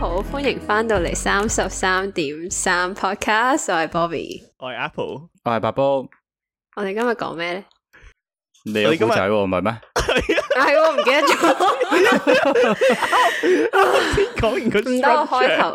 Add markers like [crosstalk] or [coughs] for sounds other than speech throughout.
好，歡迎翻到嚟三十三點三 podcast，我係 Bobby，我係 Apple，我係八波。我哋今日講咩咧？你有古仔唔係咩？係，我唔記得咗。講完佢，唔得我開頭，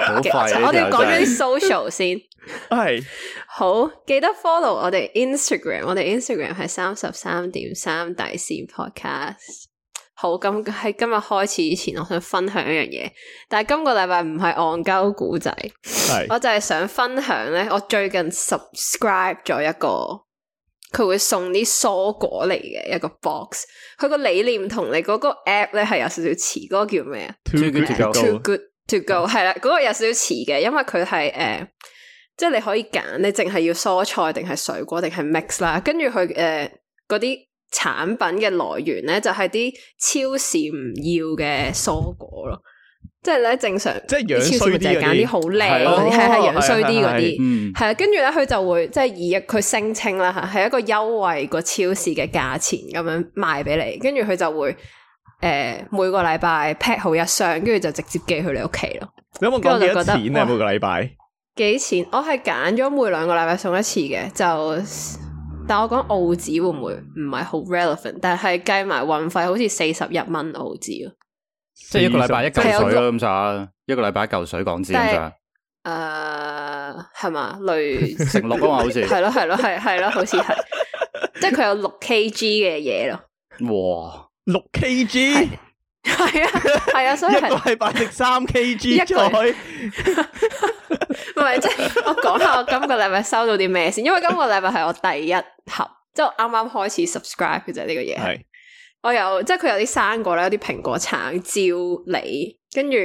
我哋講咗啲 social 先。係，好記得 follow 我哋 Instagram，我哋 Instagram 係三十三點三底線 podcast。好，咁喺今日開始以前，我想分享一樣嘢。但係今個禮拜唔係戇鳩古仔，係的我就係想分享咧。我最近 subscribe 咗一個佢會送啲蔬果嚟嘅一個 box。佢個理念同你嗰個 app 咧係有少少似。嗰、嗰個叫咩啊？Too good to go。Yeah, too good to go。係啦，嗰、嗰個有少少似嘅，因為佢係誒，uh, 即係你可以揀，你淨係要蔬菜，定係水果，定係 mix 啦。跟住佢誒嗰啲。Uh, 產品嘅來源咧，就係、是、啲超市唔要嘅蔬果咯，即係咧正常，即係樣衰啲就揀啲好靚嗰啲，係係樣衰啲嗰啲，係啊，跟住咧佢就會即係以佢聲稱啦，係一個優惠過超市嘅價錢咁樣賣俾你，跟住佢就會誒、呃、每個禮拜 pack 好一箱，跟住就直接寄去你屋企咯。你有冇講幾錢啊？每個禮拜幾錢？我係揀咗每兩個禮拜送一次嘅就。但我講澳紙會唔會唔係 re 好 relevant？但係計埋運費好似四十一蚊澳紙咯，即係一個禮拜一嚿水咯咁咋？就一個禮拜一嚿水港紙咁咋？誒係嘛？雷成六講話好似係咯係咯係係咯好似係， [laughs] 即係佢有六 kg 嘅嘢咯。哇！六 kg。係啊，係啊，所以一個係百零三 K G 一個，唔係即係我講下我今個禮拜收到啲咩先，因為今個禮拜係我第一盒，即係我啱啱開始 subscribe 嘅啫呢個嘢。係我有即係佢有啲生果咧，有啲蘋果、橙、蕉、梨，跟住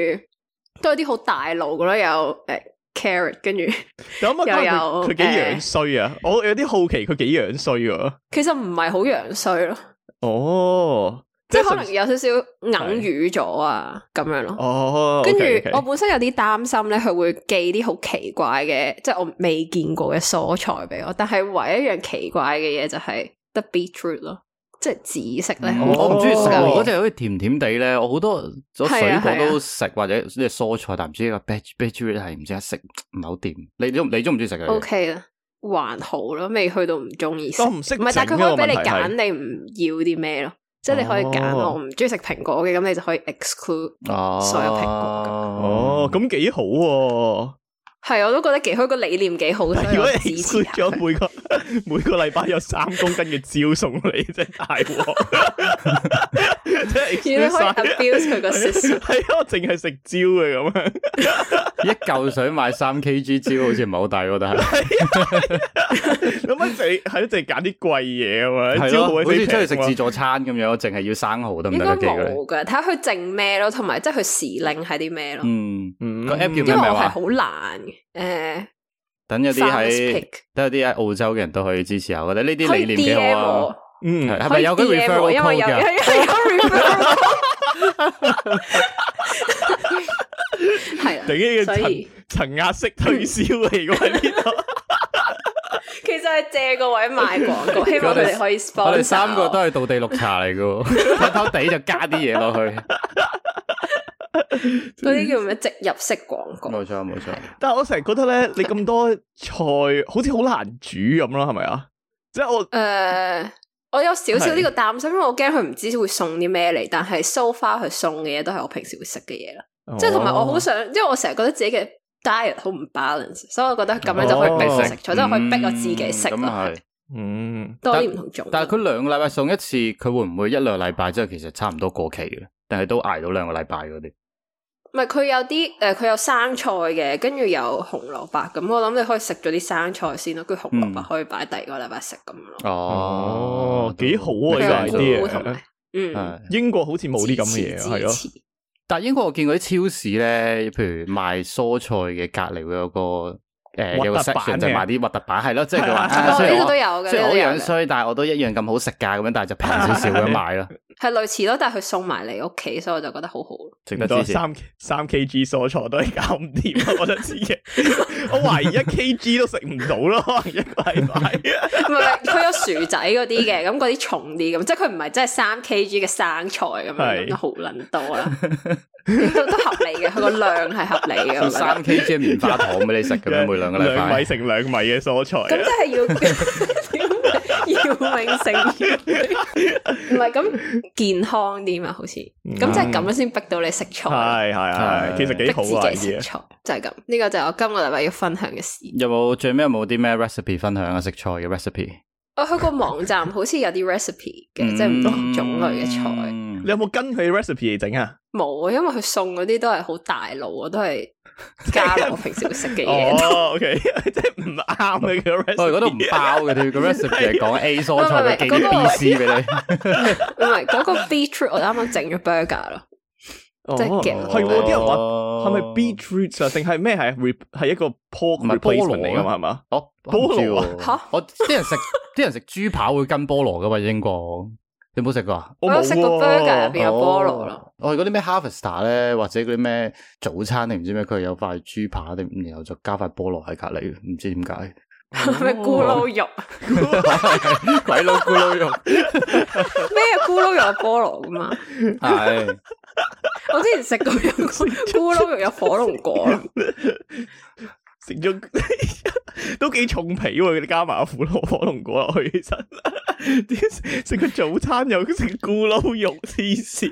都有啲好大路嘅咯，有誒 carrot，跟住又有佢幾樣衰啊！我有啲好奇佢幾樣衰啊！其實唔係好樣衰咯。哦。即係可能有少少哽語咗啊，咁樣咯。哦，跟住我本身有啲擔心咧，佢會寄啲好奇怪嘅，即係我未見過嘅蔬菜俾我。但係唯一一樣奇怪嘅嘢就係 the beetroot 咯，即係紫色咧。我唔中意食嗰隻，好似甜甜地咧。我好多水果都食或者即係蔬菜，但唔知個 beetroot 係唔知得食唔好掂。你中你中唔中意食啊？O K 啦，還好咯，未去到唔中意食。我唔識唔係，但佢可以俾你揀，你唔要啲咩咯。即係你可以揀，我唔中意食蘋果嘅，咁你就可以 exclude 所有蘋果。哦、嗯，咁幾、嗯、好、啊。係，我都覺得幾好個理念，幾好。如果 exclude 咗每個每個禮拜有三公斤嘅蕉送你，真係大鑊。如果 [laughs] [laughs] [laughs] 可以 abuse 佢個 system，係啊，淨係 [laughs] 食蕉嘅咁樣。 [laughs] 一嚿水買三 kg 蕉好似唔係好抵喎，但係咁樣淨係一直係揀啲貴嘢啊嘛，蕉好鬼平，好似出去食自助餐咁樣，淨係要生蠔得唔得嘅。應該冇嘅，睇下佢剩咩咯，同埋即係佢時令係啲咩咯。嗯，個 app 叫咩名啊？好難誒，等一啲喺，等有啲喺澳洲嘅人都可以支持下，我覺得呢啲理念幾好啊。嗯，係咪有個 refer？因為有。係，所以層壓式推銷嚟噶，其實係借個位賣廣告，希望佢哋可以 support 我哋 [laughs] [laughs] [laughs] 三個都係倒地綠茶嚟噶，偷偷地就加啲嘢落去，嗰啲 [laughs] 整叫咩植入式廣告？冇錯冇錯。但係我成日覺得咧，你咁多菜，好似好難煮咁啦，係咪啊？即係我誒，uh, 我有少少呢個擔心的，因為我驚佢唔知會送啲咩嚟。但係 so far 佢送嘅嘢都係我平時會食嘅嘢啦。即係同埋我好想，因為我成日覺得自己嘅 diet 好唔 balance，所以我覺得咁樣就可以逼食菜，即係可以逼我自己食咯。嗯，多啲唔同種類。但係佢兩個禮拜送一次，佢會唔會一兩個禮拜之後其實差唔多過期嘅？但係都挨到兩個禮拜嗰啲。唔係佢有啲誒，佢有生菜嘅，跟住有紅蘿蔔咁。我諗你可以食咗啲生菜先咯，跟住紅蘿蔔可以擺第二個禮拜食咁咯。哦，幾好啊！呢啲啊，英國好似冇啲咁嘅嘢係咯。但英國我見過啲超市咧，譬如賣蔬菜嘅隔離會有個誒、呃、有個 set 就賣啲核突版係咯，即係佢話雖然都都有嘅，即係好樣衰，但係我都一樣咁好食㗎，咁樣但係就平少少咁買咯。啊係類似咯，但係佢送埋嚟屋企，所以我就覺得好好整得多。三三 K G 蔬菜都係搞唔掂，我覺得自己， [laughs] 我懷疑一 K G 都食唔到咯，一個禮拜。唔係佢有薯仔嗰啲嘅，咁嗰啲重啲咁，即係佢唔係真係三 K G 嘅生菜咁樣，好捻多啦，都合理嘅。佢個量係合理嘅。三 K G 棉花糖俾你食咁樣， [laughs] 每兩個禮拜兩米乘兩米嘅蔬菜，咁即係要。要永成唔係咁健康啲嘛？好似咁即係咁樣先逼到你食菜，係係係，其實幾好啊食菜。就係、是、咁。呢、這個就係我今個禮拜要分享嘅事。有冇最尾有冇啲咩 recipe 分享啊？食菜嘅 recipe，我去個、 [laughs] 啊、網站，好似有啲 recipe 嘅，即係唔同種類嘅菜。嗯、你有冇跟佢 recipe 嚟整啊？冇，因為佢送嗰啲都係好大路啊，都係。加我平時會食嘅嘢，OK 即係唔啱你個我哋嗰度唔包嘅，佢個 recipe 係講 [laughs] [laughs] A 蔬菜嘅 B C 俾你。唔係嗰個 root 剛剛 beetroot 我啱啱整咗 burger 咯，即係夾。係喎，啲人話係咪 beetroot 啊？定係咩？係係一個 pork replacement 嚟噶嘛？係嘛 [laughs] [laughs] ？哦，菠蘿吓，我啲人食啲人食豬扒會跟菠蘿噶嘛？英國。有冇食過啊？我食個 burger 入邊有菠蘿咯。我係嗰、哦、啲咩、哦、Harvester 咧，或者嗰啲咩早餐定唔知咩，佢有塊豬扒，然後就加塊菠蘿喺隔籬，唔知點解。咩咕嚕肉？鬼佬咕嚕肉咩？咕嚕 [laughs] 肉 [laughs] 菠蘿噶嘛？係 [laughs] 是。我之前食過有咕嚕肉有火龍果。食咗吃 [laughs] 都幾重皮喎，佢哋加埋個火龍果落去，其實食個早餐又食咕嚕肉黐線，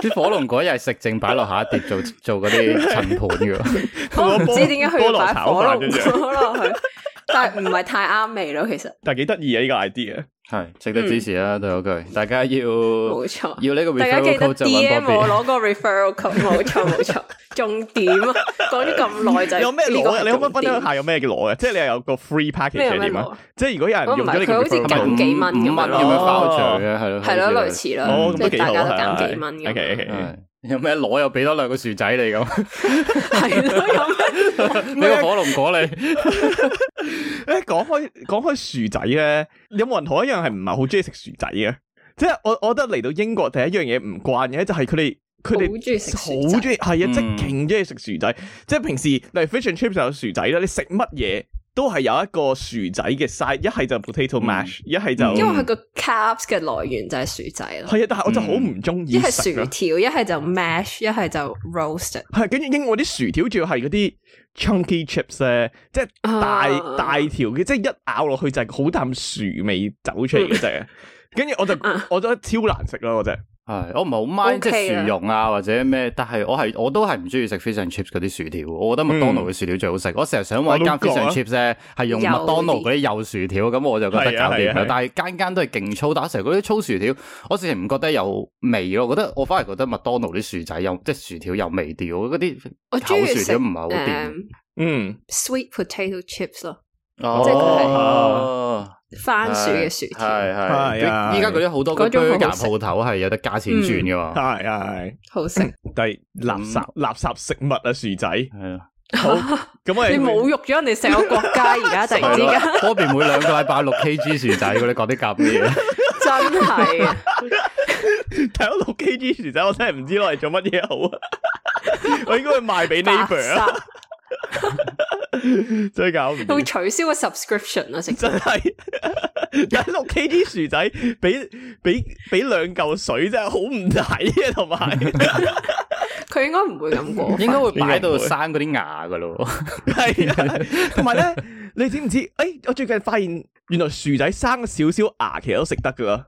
啲 [laughs] 火龍果又食剩擺落下一碟做做嗰啲襯盤嘅， [laughs] [laughs] 我唔波、哦、知點解佢擺火龍飯，火龍 [laughs] 但係唔係太啱味咯，其實。但係幾得意啊！呢個 idea。係值得支持啦，都嗰句，大家要冇錯，要呢個 referral code，大家記得 DM 攞個 referral code 冇錯冇錯，重點啊，講咗咁耐就。有咩攞你可唔可以分享下有咩攞嘅？即係你係有個 free package 嘅點啊？即係如果有人用咗，佢好似減幾蚊咁樣咯，係咯，係咯，類似啦，即係大家都減幾蚊嘅。有咩攞又畀多兩個薯仔你咁，係咯咁，呢個火龍果你。誒，講開講開薯仔咧，有冇人同一樣係唔係好中意食薯仔嘅？即係我我覺得嚟到英國第一樣嘢唔慣嘅，就係佢哋佢哋好中意食，好中意係啊，即係勁中意食薯仔。 [laughs] 即係、嗯、平時，例如 fish and chips 就有薯仔啦，你食乜嘢？都係有一個薯仔嘅 size，一係就 potato mash，一係、嗯、就因為佢個 caps 嘅來源就係薯仔咯。係啊，但係我就好唔中意。一係薯條，一係就 mash，一係就 roast。係，跟住英國啲薯條仲要係嗰啲 chunky chips，即係大大條嘅，即係一咬落去就係好淡薯味走出嚟嘅啫。跟住、嗯、 [laughs] 我就、啊、我覺得超難食咯，我真、就、係、是。係，我唔係好 mind 即係薯蓉啊或者咩，但係我係我都係唔中意食 fish and chips 嗰啲薯條，我覺得麥當勞嘅薯條最好食。嗯、我成日想搵間 fish and chips 係用麥當勞嗰啲幼薯條，咁我就覺得搞掂、啊啊啊、但係間間都係勁粗，打成嗰啲粗薯條，我成日唔覺得有味咯。我覺得我反而覺得麥當勞啲薯仔又即係薯條又味啲，我嗰啲厚薯條唔係好掂。嗯，sweet potato chips 咯。嗯哦即係番薯嘅薯仔。係係啊！依家嗰啲好多嗰啲鋪頭係有得加錢轉噶嘛，係啊係。好食。但係垃圾垃圾食物啊薯仔，係啊。好，咁我哋你侮辱咗人哋成個國家而家突然之間，我變每兩個禮拜六 K G 薯仔，我你講啲咁嘅嘢，真係。睇到六 K G 薯仔，我真係唔知攞嚟做乜嘢好。我應該去賣俾 neighbor 啊。最搞唔會取消個 subscription 啦、啊，食真係，六 K 啲薯仔俾俾俾兩嚿水真係，好唔抵啊，同埋佢應該唔會咁講，應該會擺到生嗰啲牙噶咯，係啊，同埋咧，你知唔知？誒、哎，我最近發現，原來薯仔生少少牙其實都食得噶。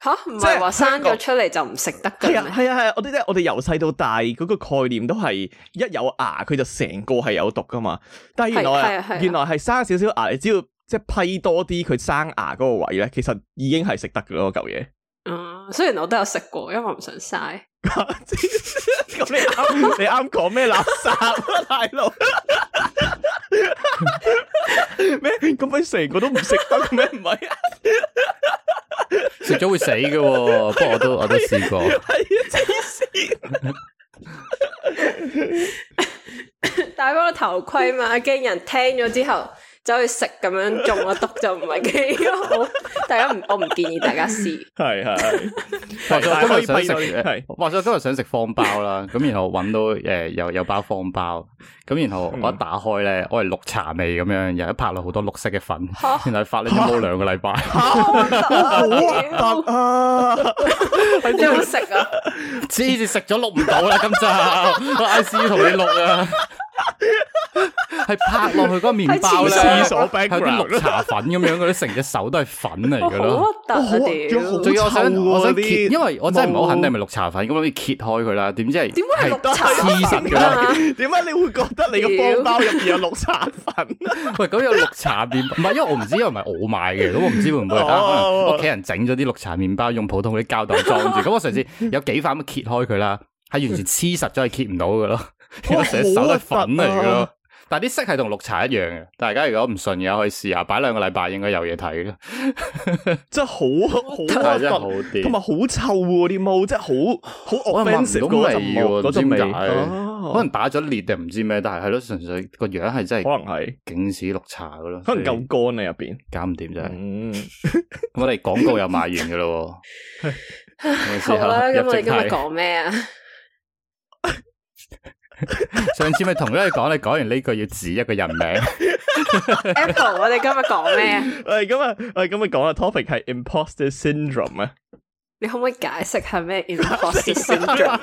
吓，唔係話生咗出嚟就唔食得噶。係啊，係啊，我哋咧，我哋由細到大嗰、嗰個概念都係一有牙佢就成個係有毒噶嘛。但係原來，啊啊、原來係生少少牙，你只要即係批多啲，佢生牙嗰個位咧，其實已經係食得噶咯，嚿、嗰、嘢、個。哦、嗯，雖然我都有食過，因為我唔想嘥。 [laughs] 你啱講咩垃圾，大佬？咩？咁咪成個都唔食得？咩唔係？食咗、啊、 [laughs] 會死㗎、哦， [laughs] 不過我都 [laughs] 我都試過。係啊，真係戴翻個頭盔嘛，驚人聽咗之後。走去食咁樣中咗毒就唔係幾好， [laughs] 大家唔我唔建議大家試。係係， [laughs] 話實今日想食，係話實今日想食方包啦。咁 [laughs] 然後搵到誒、欸、有有包方包，咁然後我一打開咧，嗯、我係綠茶味咁樣，又一拍落好多綠色嘅粉， [laughs] 然後發你咗煲兩個禮拜 [laughs] 啊啊。好啊，真啊？點 [laughs] 食啊？知住食咗錄唔到啦，今集， [laughs] 我 I C 同你錄啊。係拍落去嗰個麵包廁所 background 綠茶粉咁樣嗰啲，成隻手都係粉嚟噶咯。好突屌！因為我想我想揭，因為我真係唔好肯定係綠茶粉，咁可以揭開佢啦。點知係點會係得黐實噶？點解你會覺得你個方包入邊有綠茶粉？喂，咁有綠茶麵包？唔係，因為我唔知，因為唔係我買嘅，咁我唔知會唔會可能屋企人整咗啲綠茶麵包，用普通啲膠袋裝住。咁我上次有幾塊咁揭開佢啦，係完全黐實咗，係揭唔到噶咯。成手都粉嚟㗎咯哇！好惡啊，但係啲色係同綠茶一樣嘅。大家如果唔信嘅，可以試下，擺兩個禮拜應該有嘢睇嘅。真係好，好惡，真係好惡，同埋好臭啲毛，真係好好惡。我聞唔到味嘅，嗰陣味，可能打咗裂，定唔知咩，但係係咯，純粹個樣係真係。可能係警示綠茶嘅咯，可能夠乾啊，入邊搞唔掂就係。我哋廣告又賣完嘅咯。好啦，咁我哋今日講咩啊？上次咪同咗你講，你講完呢句要指一個人名。Apple，我哋今日講咩？我哋今日，我哋今日講嘅，topic 係 imposter syndrome 啊？你可唔可以解釋係咩 imposter syndrome？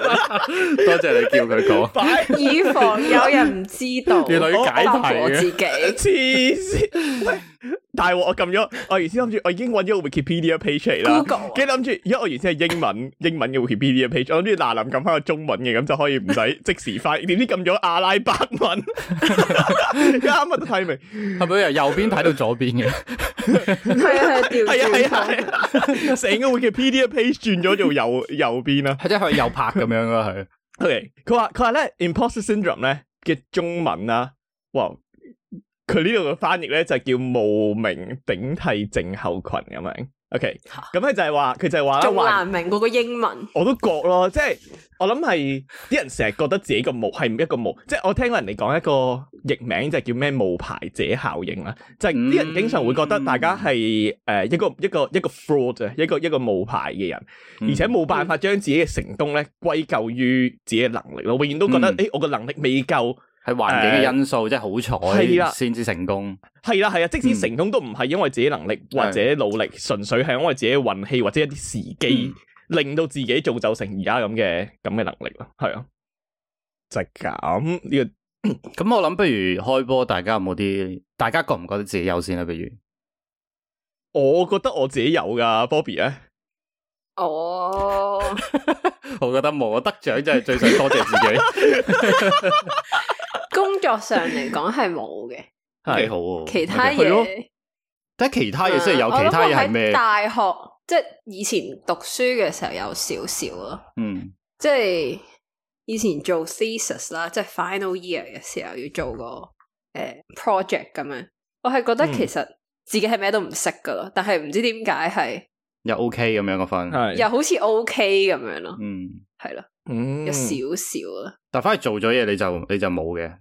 多謝你叫佢講，以防有人唔知道，原嚟要解㗎嘅，黐線。大鑊我撳咗，我原先諗住我已經搵咗個 Wikipedia page 嚟，啦，跟住諗住，而家我原先係英文英文嘅 Wikipedia page，我諗住嗱，臨撳翻個中文嘅，咁就可以唔使即時翻。點知撳咗阿拉伯文，啱啱都睇明，係咪由右邊睇到左邊嘅？係啊係啊，係啊係啊，成個 Wikipedia page 轉咗做右右邊啦，即係向右拍咁樣咯係。佢佢話佢話咧，Imposter Syndrome 咧嘅中文啊，哇！佢呢度嘅翻譯咧就叫冒名頂替症候群咁樣。OK，咁係、啊、就係話，佢就係話仲難明嗰個英文。我都覺咯，即係我諗係啲人成日覺得自己個冒係唔一個冒，即係我聽過人哋講一個譯名就係叫咩冒牌者效應啦。就係、是、啲人經常會覺得大家係誒一個一個一個 fraud 啊，一個一個冒牌嘅人，嗯、而且冇辦法將自己嘅成功咧歸咎於自己嘅能力咯，永遠都覺得誒、嗯欸、我個能力未夠。係環境嘅因素，嗯、即係好彩，係啦，先至成功。係啦的，係啊、嗯，即使成功都唔係因為自己能力或者努力，純的粹係因為自己運氣或者一啲時機，令到、嗯、自己造就成而家咁嘅咁嘅能力咯。係啊，就係咁呢個。咁、嗯、我諗，不如開波大有有，大家有冇啲？大家覺唔覺得自己有先啦？比如，我覺得我自己有噶，Bobby 咧，我， [laughs] 我覺得冇我得獎，真係最想多謝自己。 [laughs] [laughs] 工作上嚟講係冇嘅，幾 [laughs] 好的。其他嘢，得 Okay.、嗯、其、其他嘢，即係有其他嘢係咩？大學即係以前讀書嘅時候有少少咯。嗯，即係以前做 thesis 啦，即係 final year 嘅時候要做個誒、呃、project 咁樣。我係覺得其實自己係咩都唔識噶咯，但係唔知點解係又 OK 咁樣個分，又好似 OK 咁樣咯。嗯，係啦，嗯，有少少啦。但係反而做咗嘢，你就你就冇嘅。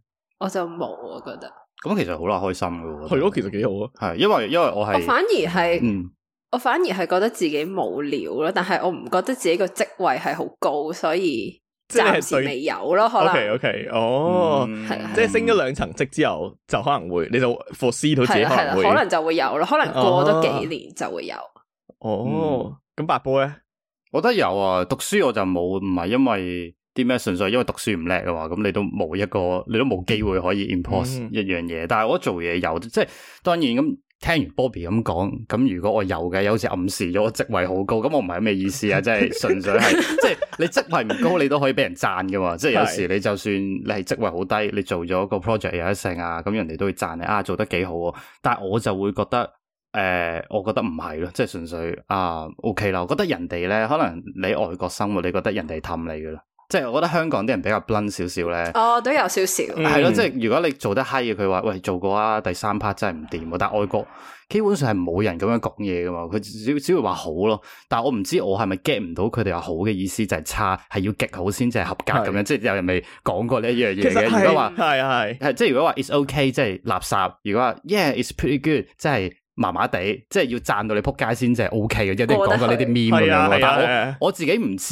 我就冇，我覺得咁其實好難開心噶喎。係咯，其實幾好啊。係因為因為我係，我反而係，嗯，我反而係覺得自己冇料咯。但係我唔覺得自己個職位係好高，所以暫時未有咯。可能是是 OK OK，即係升咗兩層職之後，就可能會你就 foresee 到自己可能，會可能就會有咯。可能過咗幾年就會有。哦，咁八波咧，哦、呢我覺得有啊。讀書我就冇，唔係因為。啲咩純粹因為讀書唔叻嘅話，咁你都冇一個，你都冇機會可以 impose、嗯、一樣嘢。但係我做嘢有，即係當然咁聽完 Bobby 咁講，咁如果我有嘅，有時暗示咗我職位好高，咁我唔係咩意思啊，即係純粹係，即係你職位唔高，你都可以俾人讚噶嘛。 [laughs] 即係有時你就算你係職位好低，你做咗個 project 有一成啊，咁人哋都會讚你啊，做得幾好。但係我就會覺得，誒、呃，我覺得唔係咯，即係純粹啊，OK 啦。我覺得人哋咧，可能你喺外國生活，你覺得人哋氹你噶啦。即係我覺得香港啲人比較 blend 少少咧，哦都有少少，係咯，嗯，即係如果你做得閪嘅，佢話喂，做過啊，第三 part 真係唔掂，但係外國基本上係冇人咁樣講嘢嘅嘛，佢只只會話好咯。但係我唔知我係咪 get 唔到佢哋話好嘅意思，就係差，係要極好先至係合格咁樣，是即係有人未講過呢一樣嘢嘅。如果話係係係，即係如果話 it's ok 即係垃圾，如果話 yeah it's pretty good 即係。麻麻地，即係要讚到你仆街先至係 OK 嘅，即係講緊呢啲 mean，咁樣我自己唔知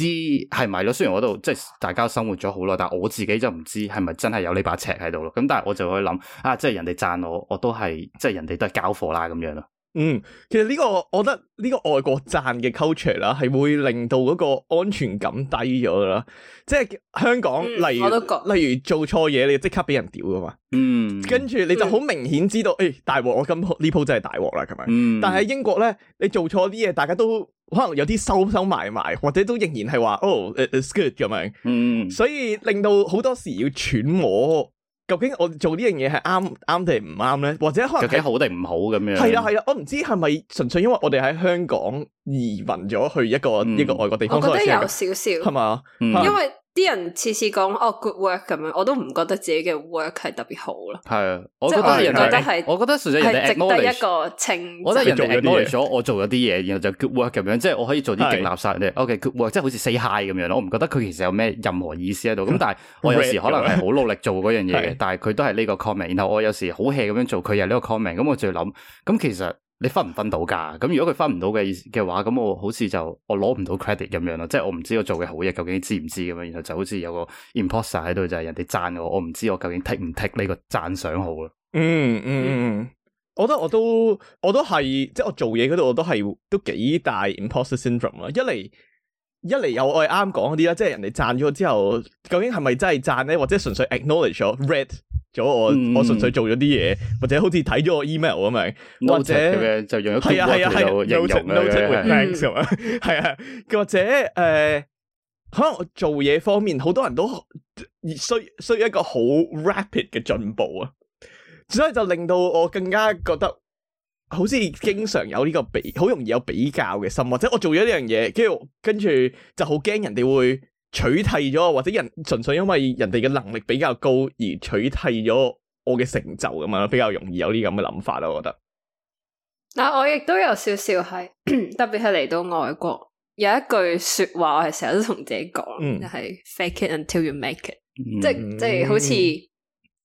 係咪咯。雖然我度即係大家生活咗好耐，但係我自己就唔知係咪真係有呢把尺喺度咯。咁但係我就可以諗啊，即係人哋讚我，我都係即係人哋都係交貨啦咁樣咯。嗯，其實呢、呢個我覺得呢個外國讚嘅 culture 啦，係會令到嗰個安全感低咗啦。即係香港，嗯、例如，例如做錯嘢，你即刻俾人屌噶嘛。嗯，跟住你就好明顯知道，誒大鑊，我今鋪呢鋪真係大鑊啦，係咪？嗯、但係英國咧，你做錯啲嘢，大家都可能有啲收收埋埋，或者都仍然係話，哦，it, it's good 咁樣。是是嗯，嗯所以令到好多時要揣摩。究竟我做呢樣嘢係啱啱定唔啱咧？或者可能究竟好定唔好咁樣？係啦係啦，我唔知係咪純粹因為我哋喺香港移民咗去一個、嗯、一個外國地方，我覺得有少少係嘛，嗯、因為。啲人次次講哦 good work 咁樣，我都唔覺得自己嘅 work 係特別好啦。係啊，我覺得係，我覺得隨着人哋 acknowledge w o 一個稱，我覺得人哋 acknowledge 咗，我做咗啲嘢，然後就 good work 咁樣，即係我可以做啲極垃圾嘅。的 o、okay, K good work，即係好似 say hi 咁樣咯。我唔覺得佢其實有咩任何意思喺度。咁但係我有時可能係好努力做嗰樣嘢嘅， [laughs] 的但係佢都係呢個 comment。然後我有時好 hea 咁樣做，佢又呢個 comment。咁我就諗，咁其實。你分唔分到噶？咁如果佢分唔到嘅意思嘅話，咁我好似就我攞唔到 credit 咁樣咯，即係我唔知我做嘅好嘢究竟知唔知咁樣，然後就好似有個 imposter 喺度就係、是、人哋讚我，我唔知我究竟剔唔剔呢個讚賞好咯。嗯嗯嗯，我覺得我都我都係，即係我做嘢嗰度我都係都幾大 imposter syndrome 啊！一嚟。一嚟又我啱講嗰啲啦，即係人哋讚咗之後，究竟係咪真係讚咧？或者純粹 acknowledge 咗、read 咗我，嗯、我純粹做咗啲嘢，或者好似睇咗我 email 噉樣，或者就用咗係啊係啊係 noted noted with thanks 係啊，或者誒，可能我做嘢方面好多人都需要需要一個好 rapid 嘅進步啊，所以就令到我更加覺得。好似經常有呢個比，好容易有比較嘅心，或者我做咗呢樣嘢，跟住跟住就好驚人哋會取締咗，或者人純粹因為人哋嘅能力比較高而取締咗我嘅成就咁樣，比較容易有啲咁嘅諗法啦，我覺得。嗱，我亦都有少少係， [coughs] 特別係嚟到外國，有一句說話，我係成日都同自己講，嗯、就係、是、fake it until you make it，、嗯、即係即係好似，即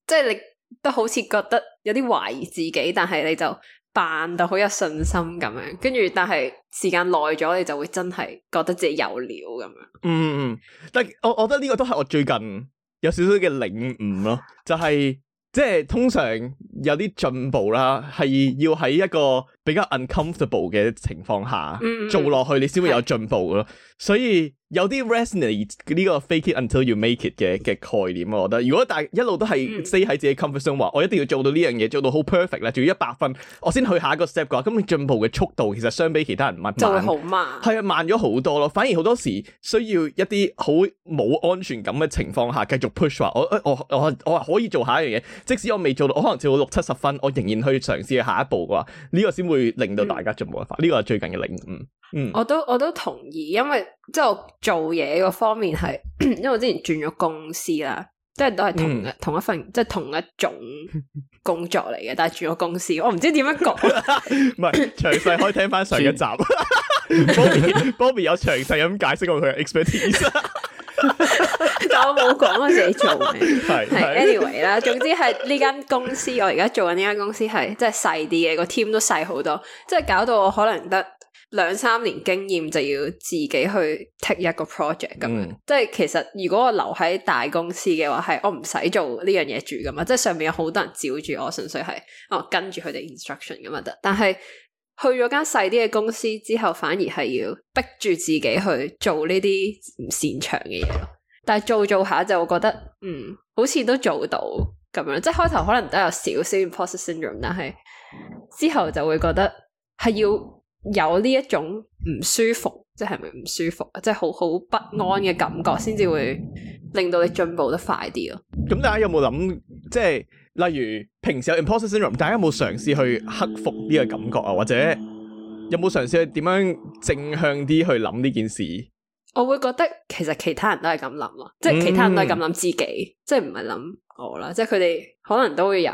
係你都好似覺得有啲懷疑自己，但係你就。扮到好有信心咁樣，跟住但係時間耐咗，你就會真係覺得自己有料咁樣。嗯嗯，但我我覺得呢個都係我最近有少少嘅領悟咯，就係、是、即係通常有啲進步啦，係要喺一個比較 uncomfortable 嘅情況下嗯嗯做落去，你先會有進步咯。的所以。有啲 resonate 呢個 fake it until you make it 嘅嘅概念，我覺得如果大一路都係 stay 喺自己 comfort zone 話，我一定要做到呢樣嘢，做到好 perfect 啦，仲要一百分，我先去下一個 step 嘅話，咁你進步嘅速度其實相比其他人慢，就會好慢係啊，慢咗好多咯。反而好多時需要一啲好冇安全感嘅情況下繼 ush，繼續 push 話我誒我我可以做下一樣嘢，即使我未做到，我可能做到六七十分，我仍然去嘗試下一步嘅話，呢、這個先會令到大家進步得快。呢個係最近嘅領悟，嗯。嗯、我都我都同意，因為即係我做嘢個方面係，因為我之前轉咗公司啦，即係都係同一、嗯、同一份即係同一種工作嚟嘅，但係轉咗公司，我唔知點樣講，唔係 [laughs] 詳細可以聽翻上一集，Bobby [laughs] Bobby 有詳細咁解釋過佢嘅 expertise，但我冇講我自己做嘅，係 [laughs] 是是 Anyway 啦，總之係呢間公司 [laughs] 我而家做緊呢間公司係即係細啲嘅，個 team 都細好多，即、就、係、是、搞到我可能得。兩三年經驗就要自己去 take 一個 project 咁樣、嗯，即係其實如果我留喺大公司嘅話，係我唔使做呢樣嘢住噶嘛，即係上面有好多人照住我，純粹係哦跟住佢哋 instruction 咁咪得。但係去咗間細啲嘅公司之後，反而係要逼住自己去做呢啲唔擅長嘅嘢，但係做做下就會覺得嗯，好似都做到咁樣，即係開頭可能都有少少 Imposter Syndrome，但係之後就會覺得係要。有呢一種唔舒服，即係咪唔舒服？即係好好不安嘅感覺，先至會令到你進步得快啲咯。咁大家有冇諗？即係例如平時有 Imposter Syndrome，大家有冇嘗試去克服呢個感覺啊？或者有冇嘗試去點樣正向啲去諗呢件事？我會覺得其實其他人都係咁諗咯，即係其他人都係咁諗自己，嗯、即係唔係諗我啦？即係佢哋可能都會有。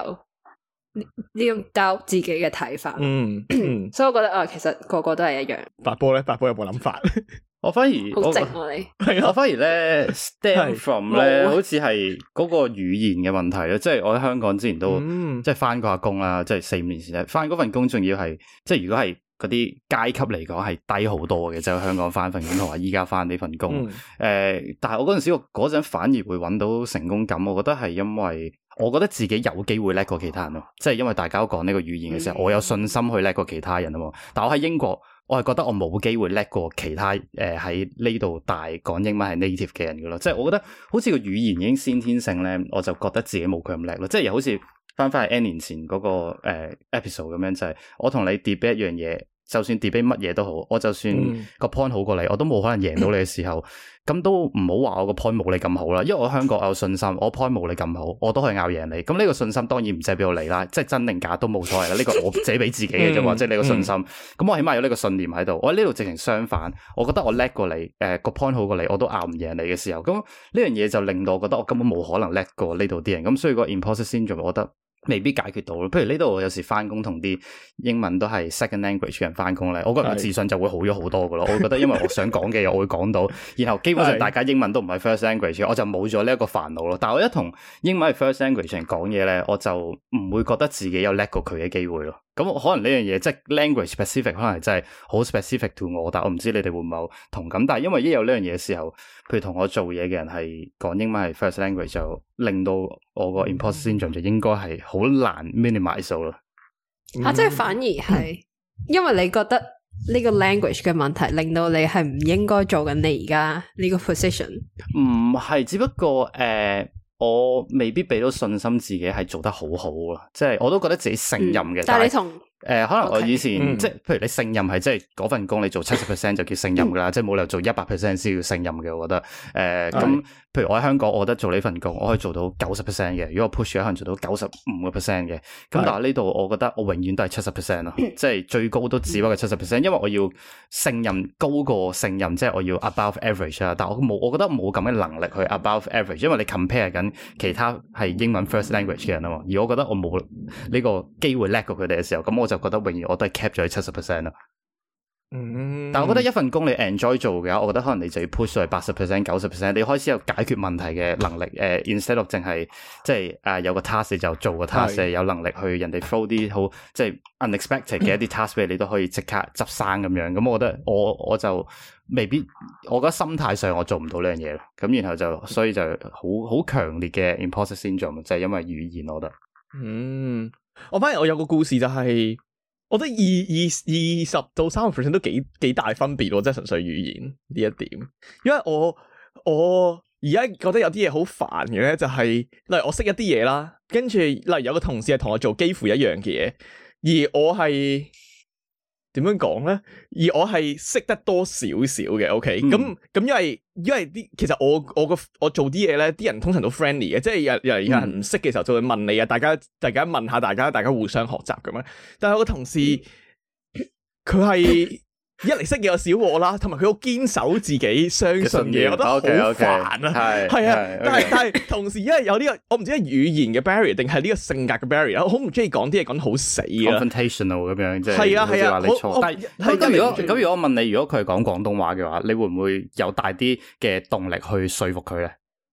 呢種教自己嘅睇法，嗯 [coughs] 所以我覺得啊，其實個個都係一樣。白波咧，白波有冇諗法， [laughs] 我反而好直我哋係我反而咧 stay from 咧， [laughs] 好似係嗰個語言嘅問題咯。即係 [laughs] 我喺香港之前都 [laughs] 即係翻過下工啦，即係四五年前翻嗰份工，仲要係即係如果係嗰啲階級嚟講係低好多嘅，就香港翻份工同埋依家翻呢份工。誒、 [laughs] 呃，但係我嗰陣時我嗰陣反而會搵到成功感，我覺得係因為。我覺得自己有機會叻過其他人咯，即係因為大家都講呢個語言嘅時候，我有信心去叻過其他人啊嘛。但係我喺英國，我係覺得我冇機會叻過其他誒喺呢度大講英文係 native 嘅人嘅咯。即係我覺得好似個語言已經先天性咧，我就覺得自己冇佢咁叻咯。即係又好似翻翻去 N 年前嗰，那個誒、呃、episode 咁樣，就係、是，我同你 debate 一樣嘢。就算 debate 乜嘢都好，我就算個 point 好過你，我都冇可能贏到你嘅時候，咁、嗯、都唔好話我個 point 冇你咁好啦。因為我喺香港我有信心，我 point 冇你咁好，我都可以拗贏你。咁呢個信心當然唔知喺邊度嚟啦，即係真定假都冇所謂啦。呢、呢個我借自己俾自己嘅啫嘛，即係、嗯、你個信心。咁、嗯嗯、我起碼有呢個信念喺度。我喺呢度直情相反，我覺得我叻過你。誒、呃、個 point 好過你，我都拗唔贏你嘅時候，咁呢樣嘢就令到我覺得我根本冇可能叻過呢度啲人。咁所以個 imposter syndrome，我覺得。未必解決到咯，譬如呢度我有時返工同啲英文都係 second language 人返工咧，我覺得自信就會好咗好多㗎喇。我覺得因為我想講嘅嘢，我會講到， [laughs] 然後基本上大家英文都唔係 first language，我就冇咗呢一個煩惱咯。但係我一同英文係 first language 人講嘢咧，我就唔會覺得自己有叻過佢嘅機會咯。咁、嗯、可能呢樣嘢，即係、就是、language specific，可能真係好 specific to me，我，但係我唔知你哋會唔會同感？但係因為一有呢樣嘢嘅時候，譬如同我做嘢嘅人係講英文係 first language，就令到我個 imposter syndrome 就應該係好難 minimize 咯。吓、啊，即係反而係，嗯、因為你覺得呢個 language 嘅問題令到你係唔應該做緊你而家呢個 position、嗯。唔係，只不過誒。呃我未必畀到信心自己係做得好好咯，即係我都覺得自己勝任嘅，嗯，但係。但誒、呃，可能我以前即係，Okay. 嗯、譬如你勝任係即係嗰份工，你做七十 percent 就叫勝任噶啦， [laughs] 即係冇理由做一百 percent 先叫勝任嘅。我覺得，誒、呃，咁譬如我喺香港，我覺得做呢份工，我可以做到九十 percent 嘅，如果我 push 咧，可能做到九十五個 percent 嘅。咁但係呢度，我覺得我永遠都係七十 percent 咯，啊、 [laughs] 即係最高都只不過七十 percent，因為我要勝任高過勝任，即係我要 above average 啦、啊。但係我冇，我覺得冇咁嘅能力去 above average，因為你 compare 緊其他係英文 first language 嘅人啊嘛。而我覺得我冇呢個機會叻過佢哋嘅時候，咁我。就覺得永遠我都係 keep 咗喺七十 percent 啦。嗯，但我覺得一份工你 enjoy 做嘅話，我覺得可能你就要 push 在八十 percent、九十 percent。你開始有解決問題嘅能力。誒、呃、instead of 淨係即係誒、呃、有個 task 就做個 task，的有能力去人哋 throw 啲好即係 unexpected 嘅一啲 task 俾 [coughs] 你，都可以即刻執生咁樣。咁我覺得我我就未必，我覺得心態上我做唔到呢樣嘢咯。咁然後就所以就好好強烈嘅 imposter syndrome 就係因為語言，我覺得。嗯。我反而我有個故事就係，我覺得二二二十到三十 percent 都幾幾大分別，即係純粹語言呢一點。因為我我而家覺得有啲嘢好煩嘅就係，例如我識一啲嘢啦，跟住例如有個同事係同我做幾乎一樣嘅嘢，而我係。點樣講咧？而我係識得多少少嘅，OK、嗯。咁咁因為因為啲其實我我個我做啲嘢咧，啲人通常都 friendly 嘅，即係人有,有人唔識嘅時候就會問你啊，大家大家問下大家大家互相學習咁樣。但係我個同事佢係。一嚟識嘅有小喎啦，同埋佢好堅守自己相信嘅，我覺得好煩啊！係啊，但係但係同時，因為有呢個我唔知係語言嘅 barrier 定係呢個性格嘅 barrier，我好唔中意講啲嘢講得好死嘅。Confrontational 咁樣啫。係啊，似啊。你錯。但係咁如果咁如果我問你，如果佢係講廣東話嘅話，你會唔會有大啲嘅動力去說服佢咧？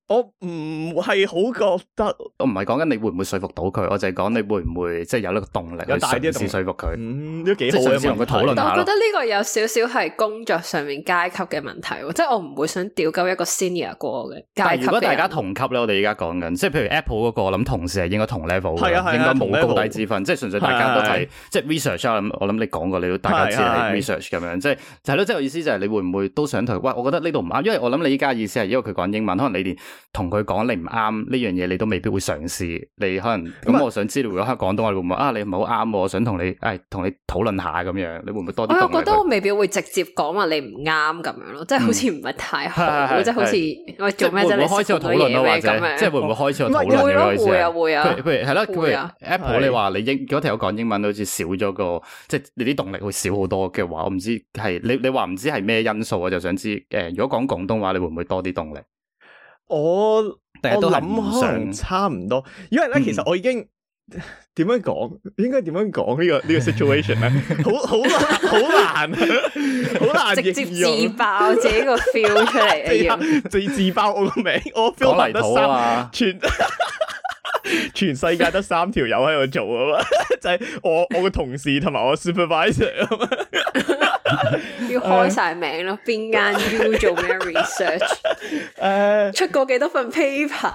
我唔係好覺得，我唔係講緊你會唔會說服到佢，我就係講你會唔會即係、就是、有呢個動力去嘗試說服佢，都幾、嗯、好嘅。即係同佢討論啦。但我覺得呢個有少少係工作上面階級嘅問題，即係我唔會想吊高一個 senior 過嘅階級。大家同級咧，我哋而家講緊，即係譬如 Apple 嗰、那個，我諗同事係應該同 level，的應該冇高低之分。的即係純粹大家都係的即係 research。我諗你講過，你都大家都知係 research 咁樣。即係係咯，即係我意思就係你會唔會都想同？喂，我覺得呢度唔啱，因為我諗你依家嘅意思係因為佢講英文，可能你連。同佢講你唔啱呢樣嘢，你都未必會嘗試。你可能咁，我想知道如果喺廣東話你會唔會啊？你唔係好啱，我想同你誒，同你討論下咁樣，你會唔會多啲？我又覺得我未必會直接講話你唔啱咁樣咯，即係好似唔係太好，即係好似喂做咩啫？開始討論啦，或者咁樣，即係會唔會開始去討論嘅開始？會啊會啊，譬如係咯，Apple，你話你英，如果聽我講英文，好似少咗個即係你啲動力會少好多嘅話，我唔知係你你話唔知係咩因素，我就想知誒，如果講廣東話，你會唔會多啲動力？我我諗可能差唔多，因為咧其實我已經點、嗯、樣講，應該點樣講呢、這個呢、這個 situation 咧？ [laughs] 好好好難，好難， [laughs] 難直接自爆自己個 feel 出嚟嘅樣， [laughs] 來最自爆我個名，我 feel 難得好、啊，全全世界得三條友喺度做啊嘛，就係、是、我我個同事同埋我 supervisor 啊嘛。 [laughs] 要開晒名咯，邊間 U 做咩 research？誒，出過幾多份 paper？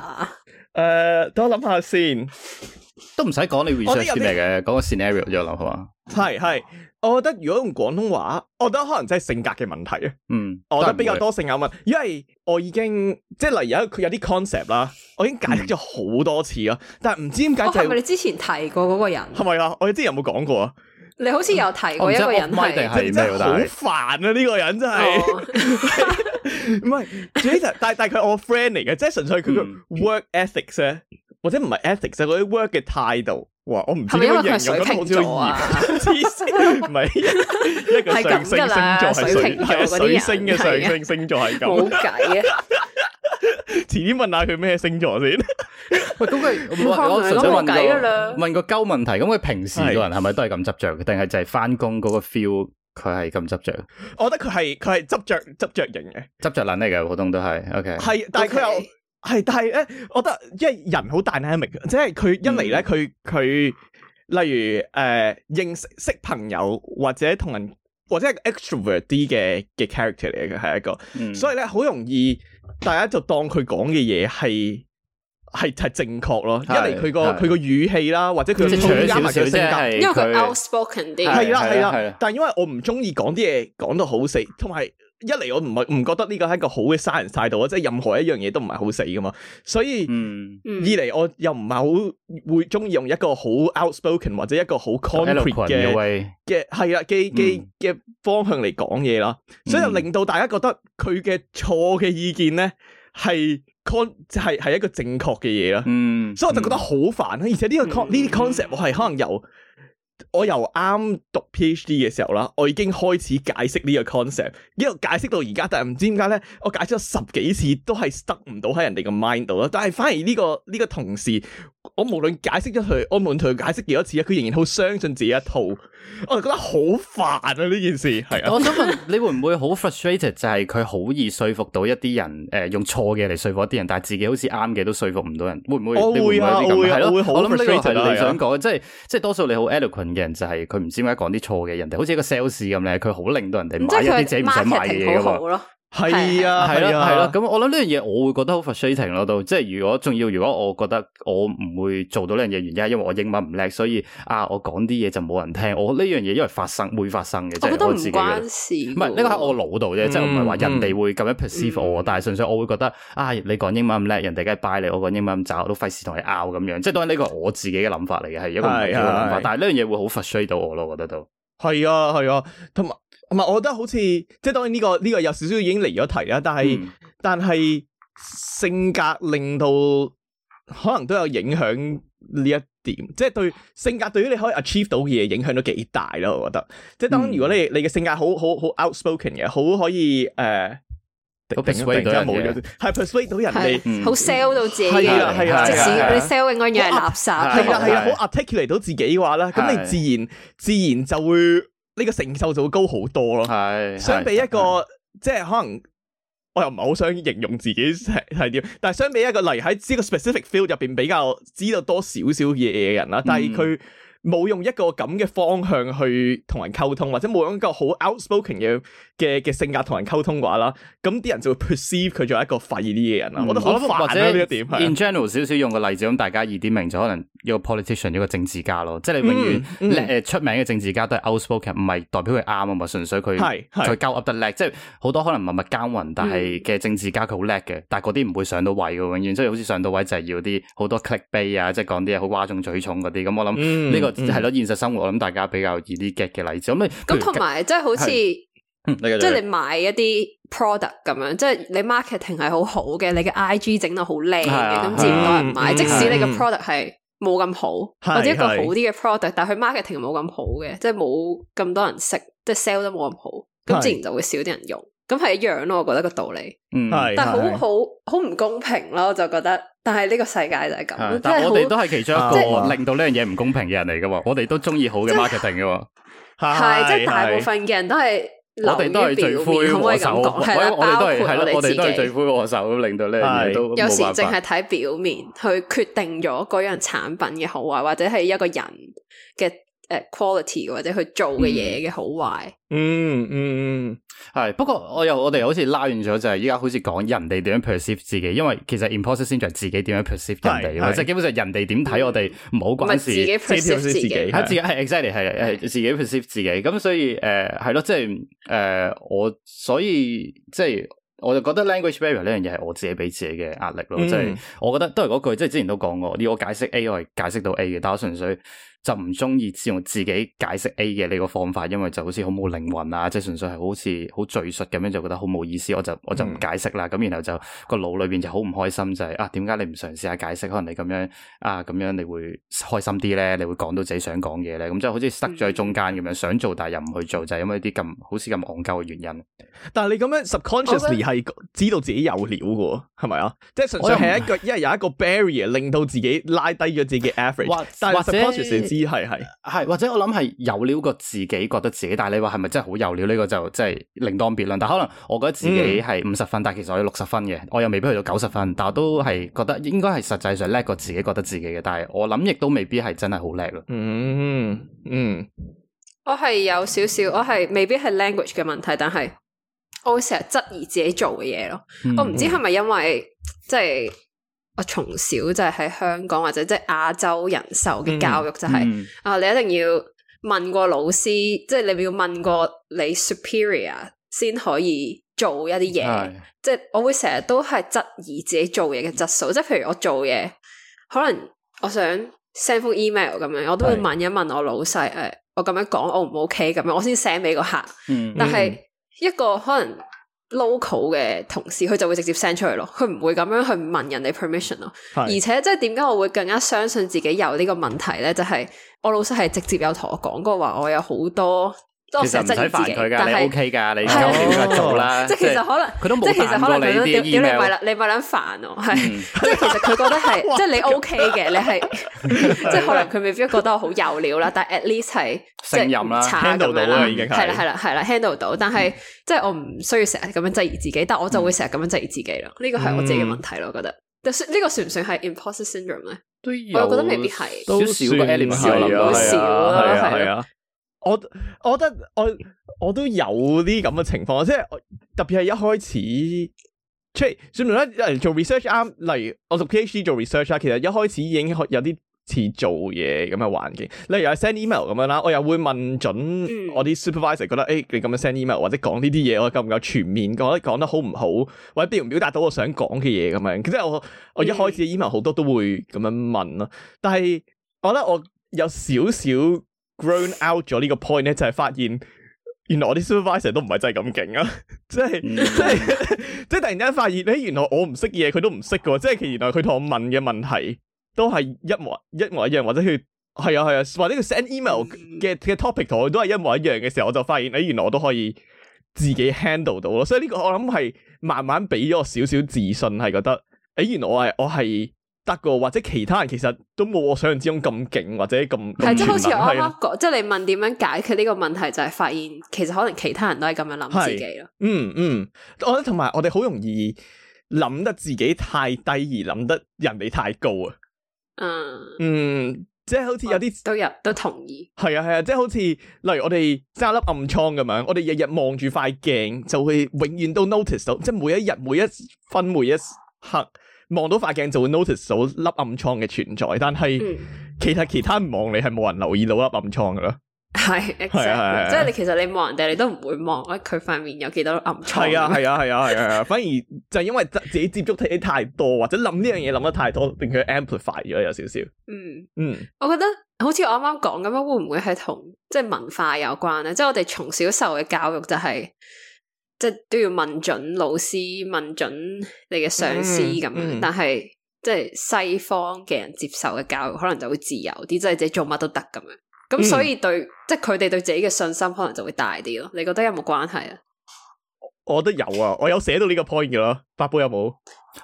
誒，等我諗下先，都唔使講你 research 先嚟嘅，講個 scenario 咗啦，好嘛？係係，我覺得如果用廣東話，我覺得可能真係性格嘅問題啊。嗯，我覺得比較多性格問，因為我已經即係例如有佢有啲 concept 啦，我已經解釋咗好多次咯，但係唔知點解就係你之前提過嗰個人，係咪啊？我哋之前有冇講過啊？你好似有提過一個人係，真係好煩啊！呢、這個人真、就、係、是，唔係、哦， [laughs] [laughs] 但但係佢我 friend 嚟嘅，即係純粹佢個 work ethics 咧、嗯，或者唔係 ethics，就佢 work 嘅態度。哇，我唔知點形容咁冇咗意義，黐線，唔係一個上升星座係水，係水星嘅、啊、上升星座係咁，冇計啊！遲啲問下佢咩星座先。 [laughs] 喂，咁、那、佢、個、我 [laughs] 想問你啦，問個鳩問題。咁佢平時個人係咪都係咁執着嘅，定係就係翻工嗰個 feel 佢係咁執着？我覺得佢係佢係執着執着型嘅，執着撚嚟嘅，普通都係。OK，係，但係佢又係，但係咧，我覺得，因為人好 dynamic，即係佢一嚟咧，佢佢、嗯、例如誒、呃、認識認識朋友或者同人。或者係 extrovert 啲嘅嘅 character 嚟嘅，係一個，嗯、所以咧好容易大家就當佢講嘅嘢係係係正確咯，因為佢個佢個語氣啦，或者佢啲加埋佢、就是、性格，因為佢 outspoken 啲，係啦係啦，但係因為我唔中意講啲嘢講到好死，同埋。一嚟我唔係唔覺得呢個係一個好嘅 science 態度啊，即係任何一樣嘢都唔係好死嘅嘛。所以、嗯嗯、二嚟我又唔係好會鍾意用一個好 outspoken 或者一個 con 好 concrete 嘅嘅係啊嘅嘅嘅方向嚟講嘢啦，所以就令到大家覺得佢嘅錯嘅意見咧係 con 係係一個正確嘅嘢啦嗯。嗯，所以我就覺得好煩啦，而且呢個 con 呢啲、嗯、concept 我係可能由。我由啱讀 PhD 嘅時候啦，我已經開始解釋呢個 concept，一路解釋到而家，但係唔知點解咧，我解釋咗十幾次都係得唔到喺人哋嘅 mind 度啦，但係反而呢個呢個同事。我無論解釋咗佢，我無論同佢解釋幾多次啊，佢仍然好相信自己一套，我就覺得好煩啊，呢件事係啊。我想問 [laughs] 你會唔會好 frustrated？就係佢好易說服到一啲人，誒、呃、用錯嘅嚟說服一啲人，但係自己好似啱嘅都說服唔到人，會唔會？我會啊吧我會啊，會好呢個你想講，即係即係多數你好 eloquent 嘅人就係佢唔知點解講啲錯嘅人哋，好似一個 sales 咁咧，佢好令到人哋買一啲自己唔想買嘅嘢㗎嘛。係啊，係啊。係咯，咁我諗呢樣嘢我會覺得好 fascinating 咯，都即係如果仲要，如果我覺得我唔會做到呢樣嘢，原因係因為我英文唔叻，所以啊，我講啲嘢就冇人聽。我呢樣嘢因為發生會發生嘅，即係我自己嘅。唔係呢個喺我腦度啫，即係唔係話人哋會咁樣 perceive 我，但係純粹我會覺得啊，你講英文咁叻，人哋梗係 buy 你，我講英文咁渣，都費事同你拗咁樣。即係當然呢個我自己嘅諗法嚟嘅，係一個唔同嘅諗法。但係呢樣嘢會好 fascinating 到我咯，我覺得都係啊，係啊，同埋。唔係，我覺得好似即係當然呢個呢個有少少已經離咗題啦。但係但係性格令到可能都有影響呢一點，即係對性格對於你可以 achieve 到嘅嘢影響都幾大咯。我覺得即係當如果你你嘅性格好好好 outspoken 嘅，好可以誒 p e r persuade 到人哋，好 sell 到自己嘅，係啊，即使你 sell 緊嗰樣垃圾，係啊係啊，好 articulate 到自己話啦，咁你自然自然就會。呢個承受就會高好多咯，係是相比一個即係可能我又唔係好想形容自己係係點， [laughs] 但係相比一個嚟喺知個 specific field 入邊比較知道多少少嘢嘅人啦。嗯、但係佢冇用一個咁嘅方向去同人溝通，或者冇用一個好 outspoken 嘅嘅嘅性格同人溝通嘅話啦，咁啲人就會 perceive 佢做一個廢啲嘅人啦。嗯、我覺得好煩呢一點。者是 In general，少，少少用個例子咁，大家易啲明就可能一個 politician，一個政治家咯。即係你永遠誒，嗯嗯、出名嘅政治家都係 outspoken，唔係代表佢啱啊嘛，純粹佢係佢交 up 得叻。即係好多可能默默耕耘，但係嘅政治家佢好叻嘅，但係嗰啲唔會上到位噶，永遠。即係好似上到位就係要啲好多 clickbait 啊，即係講啲嘢好嘩眾取寵嗰啲咁。我諗呢、這個係咯、嗯嗯、現實生活我諗，大家比較易啲 get 嘅例子咁。咁同埋即係好似。是即係你買一啲 product 咁樣，即係你 marketing 係好好嘅，你嘅 IG 整到好靚嘅，咁自然多人買。即使你嘅 product 係冇咁好，或者一個好啲嘅 product，但係佢 marketing 冇咁好嘅，即係冇咁多人識，即係 sell 得冇咁好，咁自然就會少啲人用。咁係一樣咯，我覺得個道理。嗯，但係好好好唔公平咯，我就覺得。但係呢個世界就係咁，即係我哋都係其中一個令到呢樣嘢唔公平嘅人嚟㗎。我哋都中意好嘅 marketing 㗎，係，即係大部分嘅人都係。我哋都係罪魁禍首，我我哋都係係咯，我哋都係罪魁禍首，令到你哋都冇辦法。有時淨係睇表面去決定咗嗰樣產品嘅好壞，或者係一個人嘅。誒，quality 或者去做嘅嘢嘅好壞，嗯嗯嗯，係。不過我又我哋好似拉遠咗，就係依家好似講人哋點樣 perceive 自己，因為其實 imposter syndrome 先係自己點樣 perceive 人哋，即係基本上人哋點睇我哋冇關係，嗯、自己 perceive 自己，自己係 exactly 係誒，自己，自己 perceive 自己。咁所以誒係咯，即係誒我所以即係、呃呃呃呃就是、我就覺得 language barrier 呢樣嘢係我自己俾自己嘅壓力咯，即係我覺得都係嗰句，即、就、係、是、之前都講過，你我解釋 A 我係解釋到 A 嘅，但我純粹。就唔中意用自己解釋 A 嘅呢個方法，因為就好似好冇靈魂啊，即係純粹係好似好敍述咁樣，就覺得好冇意思。我就我就唔解釋啦。咁然後就個腦裏邊就好唔開心，就係、是、啊點解你唔嘗試下解釋？可能你咁樣啊咁樣，啊、樣你會開心啲咧，你會講到自己想講嘢咧。咁即係好似塞咗喺中間咁樣，嗯、想做但係又唔去做，就係、是、因為啲咁好似咁戇鳩嘅原因。但係你咁樣 subconsciously 係知道自己有料喎，係咪啊？即、就、係、是、純粹係一個，因為有一個 barrier 令到自己拉低咗自己嘅 average，o n s [laughs] subconscious [laughs] 係係係，或者我諗係有料過自己覺得自己，但係你話係咪真係好有料呢，個就即係另當別論。但可能我覺得自己係五十分，嗯、但係其實我有六十分嘅，我又未必去到九十分，但係我都係覺得應該係實際上叻過自己覺得自己嘅。但係我諗亦都未必係真係好叻咯。嗯嗯，我係有少少，我係未必係 language 嘅問題，但係我會成日質疑自己做嘅嘢咯。嗯、我唔知係咪因為即係。我從小就係喺香港或者即係亞洲人受嘅教育就係、是嗯嗯、啊，你一定要問過老師，即、就、係、是、你要問過你 superior 先可以做一啲嘢。即係、嗯、我會成日都係質疑自己做嘢嘅質素，即、就、係、是、譬如我做嘢，可能我想 send 封 email 咁樣，我都會問一問我老細誒是、哎，我咁樣講 O 唔 OK 咁樣，我先 send 俾個客。嗯嗯、但係一個可能。local 嘅同事，佢就會直接 send 出去咯，佢唔會咁樣去問人哋 permission 咯。是的 而且即係點解我會更加相信自己有呢個問題咧？就係、是、我老師係直接有同我講過話，我有好多。其實唔使煩佢噶，你 O K 噶，你做啦。即係其實可能，即係其實可能你點點你咪你咪諗煩咯。係即係其實佢覺得係，即係你 O K 嘅，你係即係可能佢未必覺得我好有料啦。但係 at least 係勝任啦 handle 到啦，已經係啦，係啦，係啦 handle 到。但係即係我唔需要成日咁樣質疑自己，但係我就會成日咁樣質疑自己咯。呢個係我自己嘅問題咯，我覺得。呢個算唔算係 imposter syndrome 咧？我又覺得未必係，少少個少少係啊。我我覺得我我都有啲咁嘅情況，即係特別係一開始，即係算唔算咧？做 research 啱，例如我讀 PhD 做 research 啦，其實一開始已經有啲似做嘢咁嘅環境。例如我 send email 咁樣啦，我又會問準我啲 supervisor 覺得，誒、嗯欸、你咁樣 send email 或者講呢啲嘢，我夠唔夠全面，覺得講得好唔好，或者表唔表達到我想講嘅嘢咁樣。即係我我一開始嘅 email 好多都會咁樣問咯。但係我覺得我有少少。grown out 咗呢個 point 咧，就係發現 [laughs] 原來我啲 supervisor 都唔係真係咁勁啊！即係即係即係突然間發現，咧原來我唔識嘢，佢都唔識嘅，即係其實原來佢同我問嘅問題都係一模一模一樣，或者佢係啊係啊、係啊，或者佢 send email 嘅嘅 topic 同我都係一模一樣嘅時候，我就發現，誒、欸、原來我都可以自己 handle 到咯。所以呢個我諗係慢慢俾咗我少少自信，係覺得誒、欸、原來我係我係。得噶，或者其他人其實都冇我想象之中咁勁，或者咁。係 [noise] 即係好似我啱啱講， [noise] 即係你問點樣解決呢個問題，就係、是、發現其實可能其他人都係咁樣諗自己咯。嗯嗯，我覺得同埋我哋好容易諗得自己太低，而諗得人哋太高啊。嗯嗯，即係好似有啲都、啊、有，都同意。係啊係啊，即係好似例如我哋揸粒暗瘡咁樣，我哋日日望住塊鏡，就會永遠都 notice 到，即係每一日每一分每一刻。望到塊鏡就會 notice 到粒暗瘡嘅存在，但係其實其他唔、嗯、望你係冇人留意到粒暗瘡㗎囉。係，係係即係你其實你望人哋，你都唔會望啊佢塊面有幾多暗瘡。係啊，係啊，係啊，係啊，反而就係因為自己接觸睇嘢太多， [laughs] 或者諗呢樣嘢諗得太多，令佢 amplify 咗有少少。嗯嗯，嗯我覺得好似我啱啱講咁樣，會唔會係同即係文化有關咧？即、就、係、係、我哋從小受嘅教育就係、係。即係都要問准老師，問准你嘅上司咁樣，但係即係西方嘅人接受嘅教育，可能就會自由啲，即係自己做乜都得咁樣。咁所以對，嗯、即係佢哋對自己嘅信心可能就會大啲咯。你覺得有冇關係啊？我覺得有啊，我有寫到呢個 point 噶咯。八寶有冇？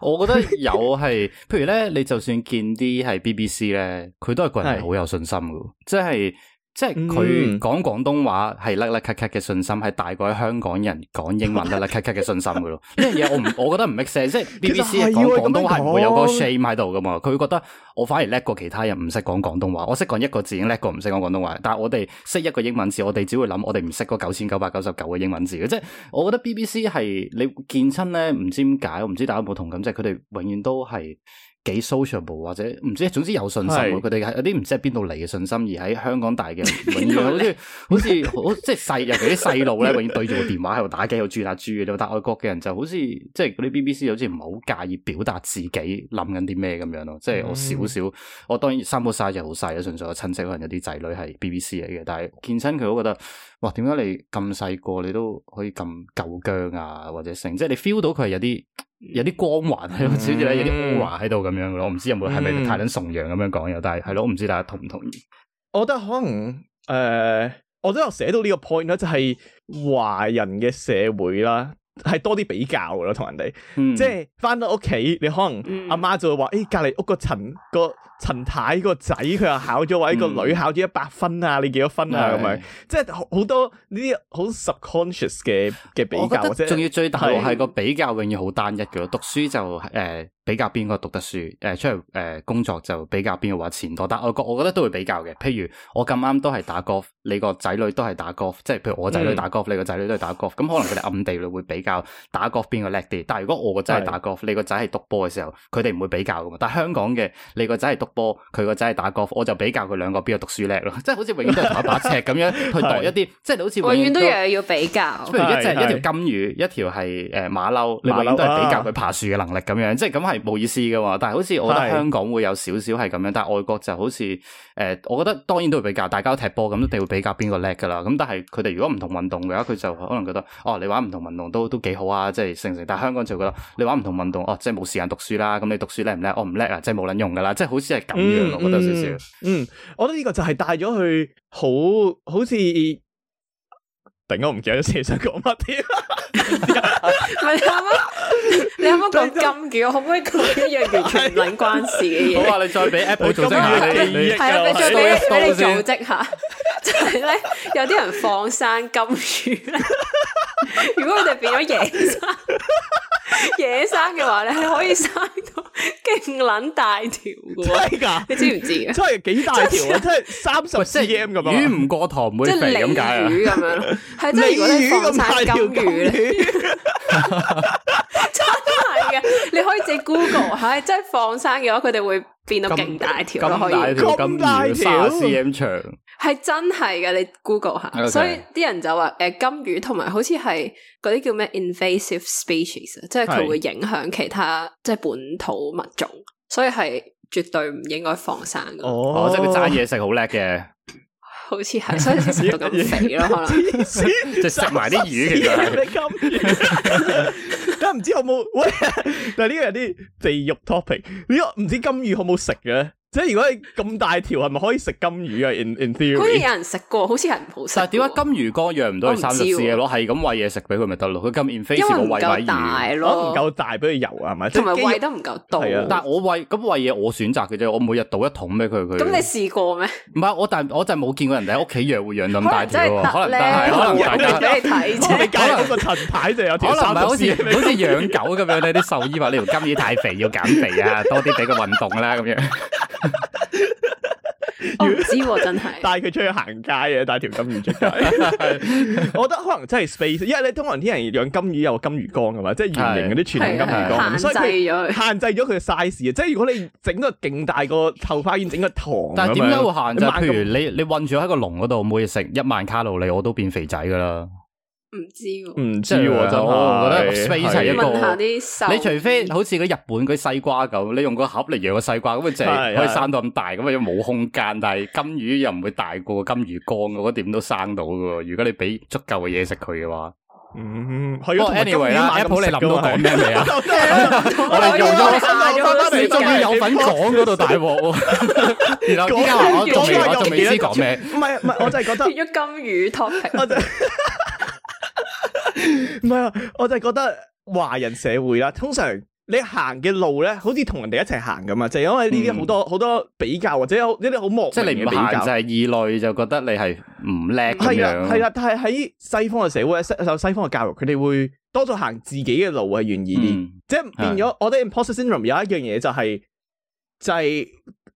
我覺得有係， [laughs] 譬如咧，你就算見啲係 BBC 咧，佢都係個人係好有信心噶，即係是。就是即係佢講廣東話係叻叻咳咳嘅信心，係大過喺香港人講英文叻叻咳咳嘅信心嘅咯。呢樣嘢我唔，我覺得唔 make sense。即係 B B C 講廣東話係唔會有個 shame 喺度噶嘛？佢會覺得我反而叻過其他人，唔識講廣東話，我識講一個字已經叻過唔識講廣東話。但係我哋識一個英文字，我哋只會諗我哋唔識嗰九千九百九十九個英文字嘅。即係我覺得 B B C 係你見親咧，唔知點解，我唔知大家有冇同感，即係佢哋永遠都係。幾 social 部，或者唔知，總之有信心。佢哋係有啲唔知係邊度嚟嘅信心，而喺香港大嘅，好似好似好即係細，尤其啲細路咧，永遠對住個電話喺度打機，又轉下轉。但外國嘅人就好似即係嗰啲 BBC，好似唔係好介意表達自己諗緊啲咩咁樣咯。即係我少少，嗯、我當然三個 size 就好細啦，純粹我親戚可能有啲仔女係 BBC 嚟嘅，但係見親佢，都覺得哇，點解你咁細個，你都可以咁夠薑啊，或者成，即係你 feel 到佢係有啲。有啲光環喺度，甚至咧有啲 aura 喺度咁樣嘅咯、嗯，我唔知有冇係咪太想崇洋咁樣講嘢，但係係咯，我唔知大家同唔同意？我覺得可能誒、呃，我都有寫到呢個 point 啦，就係華人嘅社會啦，係多啲比較嘅咯，同人哋，嗯、即係翻到屋企，你可能阿媽、嗯、就會話，誒、欸，隔籬屋個陳個。陳太個仔佢又考咗位，個女、嗯、考咗一百分啊！你幾多分啊？咁樣是，即係好多呢啲好 subconscious 嘅嘅比較，仲要最大係個比較，永遠好單一嘅。是讀書就誒、呃、比較邊個讀得書，誒、呃、出嚟誒、呃、工作就比較邊個揾錢多。但我覺我覺得都會比較嘅。譬如我咁啱都係打 golf，你個仔女都係打 golf，即係譬如我仔女打 golf、嗯、你個仔女都係打 golf、嗯。咁可能佢哋暗地裏會比較 [laughs] 打 golf 邊個叻啲。但係如果我真係打 golf，你個仔係讀波嘅時候，佢哋唔會比較㗎嘛。但係香港嘅你個仔係讀。波佢個仔係打 golf，我就比較佢兩個邊個讀書叻咯，即係 [laughs] 好似永遠都係一把尺咁樣去度一啲，即係 [laughs] 是好似永遠都樣要比較。譬如一隻條是金魚，一條係誒馬騮，永、呃、遠你說 都係比較佢爬樹嘅能力咁樣，啊、即係咁係冇意思噶嘛。但係好似我覺得香港會有少少係咁樣，是但係外國就好似誒、呃，我覺得當然都會比較，大家都踢波咁一定會比較邊個叻噶啦。咁但係佢哋如果唔同運動嘅話，佢就可能覺得哦，你玩唔同運動都都,都幾好啊，即係成成。但係香港就覺得你玩唔同運動，哦，即係冇時間讀書啦。咁你讀書叻唔叻？我唔叻啊，即係冇撚用噶啦，即係好似係。咁樣、嗯、我覺得少少、嗯。嗯，我覺得呢個就係帶咗去好好似，突然間我唔記得咗。自己想講乜添？唔係啊嘛，你可唔可以講金魚？可唔可以講一樣完全唔撚關事嘅嘢？我話你再俾 Apple 組織下，係啊，你再俾俾你組織下，就係咧，有啲人放生金魚如果佢哋變咗野生。 [laughs] 野生嘅話咧，係可以生到勁撚大條噶，真㗎你知唔知啊？真係幾大條啊！真係三十 cm 咁啊，魚唔過塘唔會肥咁解啊！魚咁樣，係真係嗰啲放生金魚咧，真係嘅。你可以借 Google 吓，即係放生嘅話，佢哋會。變到勁大條咁可以，咁大條，卅魚 cm 長，係真係嘅。你 Google 下，Okay. 所以啲人就話，誒、呃，金魚同埋好似係嗰啲叫咩 invasive species，是即係佢會影響其他即係本土物種，所以係絕對唔應該放生。Oh, 哦，哦，即係佢爭嘢食 [laughs] 好叻嘅，好似係，所以食到咁肥咯， [laughs] 可能即係食埋啲魚。其實 [laughs] 魚。 [laughs] 咁唔知好冇喂 [laughs] 但係呢個係啲地獄 topic，呢個唔知金魚好冇食嘅。即係如果你咁大條，係咪可以食金魚啊？In theory，好似有人食過，好似係唔好食。但係點解金魚缸養唔到佢三十四嘅咯？係咁餵嘢食俾佢咪得咯？佢咁 in face 冇餵餵魚，唔夠大，唔夠大俾佢游係咪？同埋餵得唔夠多。但係我餵咁餵嘢，我選擇嘅啫。我每日倒一桶俾佢佢。咁你試過咩？唔係我，但係我就冇見過人哋喺屋企養，會養到咁大條。可能但係可能你睇，你哋揀個陳牌就有條。可能好似好似養狗咁樣呢，啲獸醫話呢條金魚太肥，要減肥啊，多啲俾佢運動啦咁樣。唔知喎，真係帶佢出去行街啊，帶條金魚出街。 [laughs] [laughs] [laughs] 我覺得可能真係 space，因為你通常啲人養金魚有金魚缸噶嘛，即係圓形嗰啲傳統金魚缸，對對對，所限制咗佢嘅 size 啊。即係如果你整個勁大個後花園，整個塘，但係點解會限制就，譬如你你困住喺個籠嗰度，每日食一萬卡路里，我都變肥仔噶啦。唔知唔知真係，我覺得一齊一個，你除非好似個日本嗰西瓜咁，你用個盒嚟養個西瓜咁，咪淨係可以生到咁大，咁咪又冇空間。但係金魚又唔會大過金魚缸，我點都生到噶。如果你俾足夠嘅嘢食佢嘅話，嗯，係啊。Anyway 啦，Apple 你諗到講咩啊？我哋用咗，你終於有份講嗰度大鑊。而家我仲未，仲未知講咩？唔係唔係，我就係覺得變咗金魚 topic 唔係 [laughs] 啊，我就覺得華人社會啦，通常你行嘅路咧，好似同人哋一齊行咁啊，就因為呢啲好多好、嗯、多比較或者有呢啲好莫名嘅比較，即係你唔行就係異類，就覺得你係唔叻係啊係啊，嗯嗯嗯、但係喺西方嘅社會有西，西方嘅教育，佢哋會多咗行自己嘅路係願意啲，即係變咗我哋 imposter syndrome 有一樣嘢就係、是、就係、是、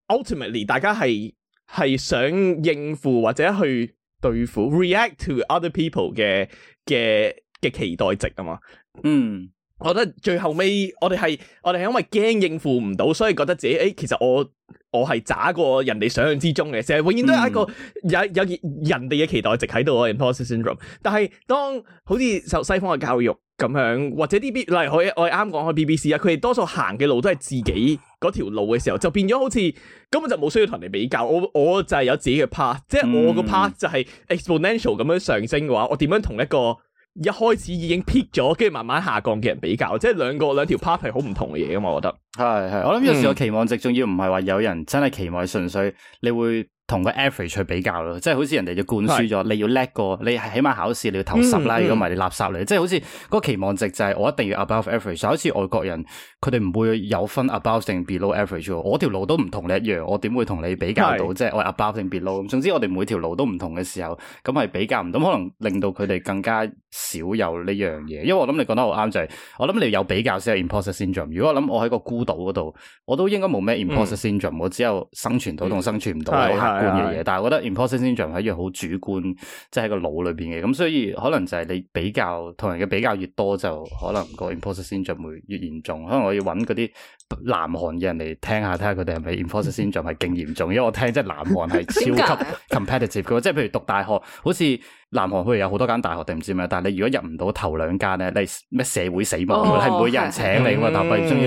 ultimately 大家係係想應付或者去對付 react to other people 嘅。嘅嘅期待值啊嘛，嗯。我覺得最後尾我哋係我哋係因為驚應付唔到，所以覺得自己誒、欸，其實我我係渣過人哋想象之中嘅，成日永遠都有一個、嗯、有有人哋嘅期待值喺度啊 Imposter Syndrome，但係當好似受西方嘅教育咁樣，或者啲 B，例如我我啱講開 BBC 啊，佢哋多數行嘅路都係自己嗰條路嘅時候，就變咗好似根本就冇需要同人哋比較。我我就係有自己嘅 path 即係我個 path 就係 exponential 咁樣上升嘅話，我點樣同一個？一開始已經 peak 咗，跟住慢慢下降嘅人比較，即係兩個兩條 part 係好唔同嘅嘢嘛，我覺得係係，我諗有時個期望值仲要唔係話有人真係期望純粹你會。同個 average 去比較咯，即係好似人哋就灌輸咗，是你要叻過，你係起碼考試你要頭十啦、嗯，如果唔係你垃圾嚟。即係好似嗰個期望值就係我一定要 above average，就好似外國人佢哋唔會有分 above 定 below average。我條路都唔同你一樣，我點會同你比較到？即係是我是 above 定 below？總之我哋每條路都唔同嘅時候，咁係比較唔到，可能令到佢哋更加少有呢樣嘢。因為我諗你講得好啱，就係、是、我諗你要有比較先有 imposter syndrome。如果我諗我喺個孤島嗰度，我都應該冇咩 imposter syndrome，、嗯、我只有生存到同生存唔到。嗯覺 [noise] 但係我覺得 imposter syndrome 係一樣好主觀，即係個腦裏邊嘅，咁所以可能就係你比較同人嘅比較越多，就可能個 imposter syndrome 會越嚴重，可能我要揾嗰啲。南韓嘅人嚟聽下，睇下佢哋係咪 imposter syndrome 先重，係勁嚴重。因為我聽，即係南韓係超級 competitive 嘅，即係譬如讀大學，好似南韓譬如有好多間大學定唔知咩，但係你如果入唔到頭兩間咧，你係咩社會死亡，係冇人請你噶嘛。但係中意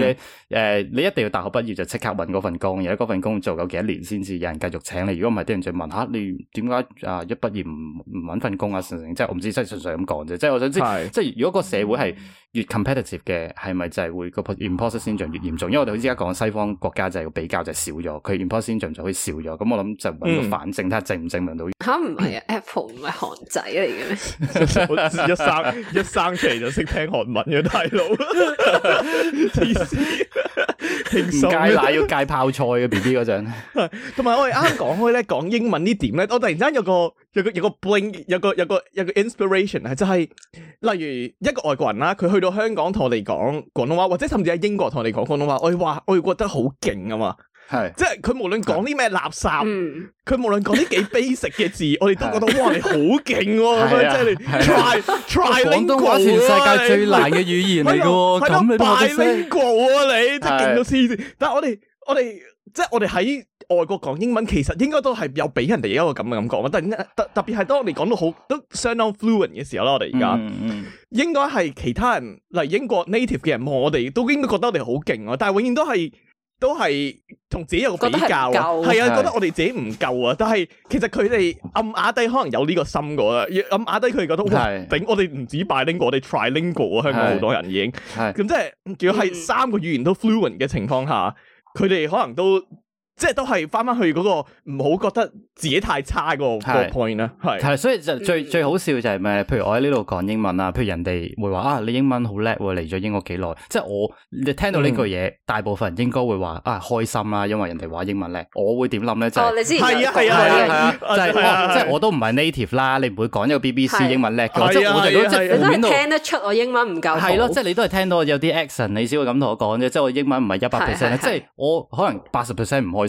你，誒，你一定要大學畢業就即刻搵嗰份工，而家嗰份工做夠幾多年先至有人繼續請你。如果唔係，啲人就問下你點解啊一畢業唔唔搵份工啊？成成即係我唔知，真係純粹咁講啫。即係我想知，即係如果個社會係。越 competitive 嘅，係咪就係會個 imposter syndrome 越嚴重？因為我哋好似而家講西方國家就係比較就是，少咗，佢 imposter syndrome 就可以少咗。咁我諗就揾個反證，嗯、看看證睇下證唔證明到。吓唔係啊，啊？Apple 唔係韓仔嚟嘅咩？我 [laughs] [laughs] 一生一生期就識聽韓文嘅，啊，大佬。 [laughs] 經病 [laughs] 唔戒奶要戒泡菜嘅 B B 嗰陣，同埋 [laughs] [laughs] 我哋啱啱講開咧講英文呢點咧，我突然間有個有個有個 bring 有個有個有個 inspiration 係、就係，就係例如一個外國人啦，佢去到香港同我哋講廣東話，或者甚至喺英國同我哋講廣東話，我話我會覺得好勁啊嘛。係，即係佢無論講啲咩垃圾，佢無論講啲幾 basic 嘅字，我哋都覺得哇，你好勁喎！咁樣真係，try try。廣東話係全世界最難嘅語言嚟噶喎，咁你都係 bilingual 啊你，即係勁到黐線。但係我哋我哋即係我哋喺外國講英文，其實應該都係有俾人哋一個咁嘅感覺。特別特特別係當我哋講到好都相當 fluent 嘅時候啦，我哋而家應該係其他人例如英國 native 嘅人望我哋，都應該覺得我哋好勁啊。但係永遠都係。都係同自己有個比較，係啊，覺得我哋自己唔夠啊。的但係其實佢哋暗啞低可能有呢個心噶，暗啞低佢哋覺得的哇，頂！我哋唔止 bilingual，我哋 trilingual 啊，香港好多人已經。係咁即係，仲、就是、要係三個語言都 fluent 嘅情況下，佢哋的、嗯、可能都。即係都係翻翻去嗰個唔好覺得自己太差嗰個 point 啦，係，係所以就最最好笑就係咩？譬如我喺呢度講英文啊，譬如人哋會話啊，你英文好叻，嚟咗英國幾耐？即係我你聽到呢句嘢，大部分人應該會話啊開心啦，因為人哋話英文叻，我會點諗咧？就你之前係啊係啊，即係即係我都唔係 native 啦，你唔會講呢個 BBC 英文叻嘅，即係我哋都係聽得出我英文唔夠係咯，即係你都係聽到有啲 accent，你先會咁同我講啫，即係我英文唔係一百 percent，即係我可能八十 percent 唔可以。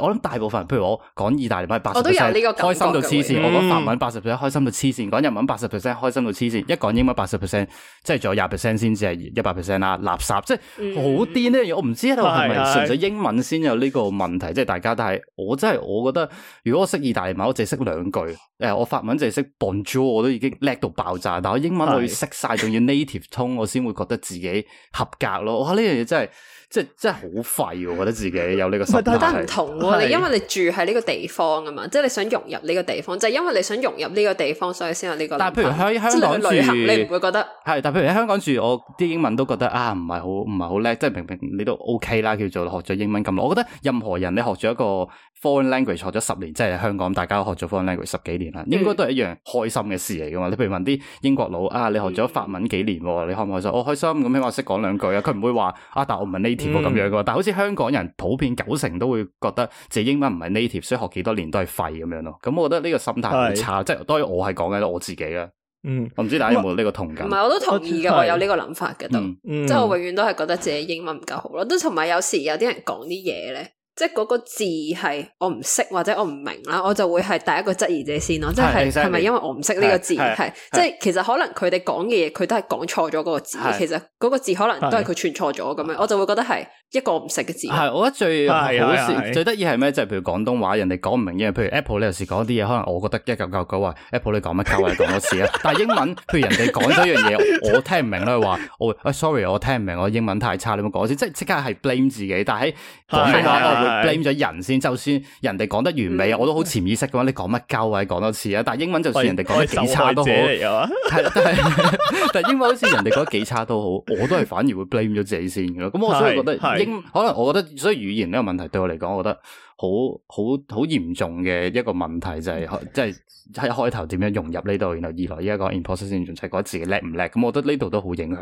我諗大部分，譬如我講意大利，咪八十 percent 開心到黐線；嗯、我講法文八十 percent 開心到黐線；講日文八十 percent 開心到黐線。一講英文八十 percent，即係仲有廿 percent 先至係一百 percent 啦。垃圾，即係好癲呢樣嘢。嗯、我唔知係咪純粹英文先有呢個問題，即係是是 大家但係。我真係我覺得，如果我識意大利，我淨係識兩句。誒，我法文淨係識 Bonjour，我都已經叻到爆炸。但係我英文我要識晒，仲是是 要 native 通，我先會覺得自己合格咯。哇！呢樣嘢真係～即係真係好廢，我覺得自己有呢個心態覺得唔同，你係因為你住喺呢個地方啊嘛，即係你想融入呢個地方，就係因為你想融入呢個地方，所以先有呢個但。但譬如喺香港旅行，你唔會覺得？係，但譬如喺香港住，我啲英文都覺得啊，唔係好唔係好叻，即係明明，你都 OK 啦，叫做學咗英文咁。我覺得任何人你學咗一個。Foreign language 學咗十年，即係喺香港，大家都學咗 Foreign language 十幾年啦，應該都係一樣開心嘅事嚟噶嘛？嗯、你譬如問啲英國佬啊，你學咗法文幾年，你開唔開心？我、哦、開心，咁起碼識講兩句啊。佢唔會話啊，但我唔係 native 咁、嗯、樣噶。但係好似香港人普遍九成都會覺得自己英文唔係 native，所以學幾多年都係廢咁樣咯。咁我覺得呢個心態好差，是即係當然我係講緊我自己啦。嗯，我唔知大家有冇呢個同感？唔係、嗯，我都同意嘅。我有呢個諗法嘅都。嗯嗯、即係我永遠都係覺得自己英文唔夠好咯。都同埋有時有啲人講啲嘢咧。即係嗰個字係我唔識或者我唔明啦，我就會係第一個質疑者先咯、啊。即係係咪因為我唔識呢個字？係即係其實可能佢哋講嘅嘢，佢都係講錯咗嗰個字。是其實嗰個字可能都係佢串錯咗咁樣，是我就會覺得係一個唔識嘅字。係，我覺得最好笑、最得意係咩？就係、是、譬如廣東話人哋講唔明因為，譬如 Apple 你有時講啲嘢，可能我覺得一九九九話 Apple 你講乜溝位講多次啦。 [laughs] 但係英文譬如人哋講咗一樣嘢， [laughs] 我聽唔明咧，話我、oh, sorry 我聽唔明，我英文太差，你咪講多次，即係即刻係 blame 自己。但係喺廣東話。 [laughs] [laughs] blame 咗人先，就算人哋講得完美，是我都好潛意識嘅話，你講乜鳩啊，講多次啊。但係英文就算人哋講得幾差都好，係 [laughs] 但係但係英文好似人哋講得幾差都好，我都係反而會 blame 咗自己先嘅咯。咁我所以覺得英，可能我覺得所以語言呢個問題對我嚟講，我覺得好好好嚴重嘅一個問題就係、是，即係喺開頭點樣融入呢度，然後二來依家講 imposter 先，仲係覺得自己叻唔叻？咁我覺得呢度都好影響。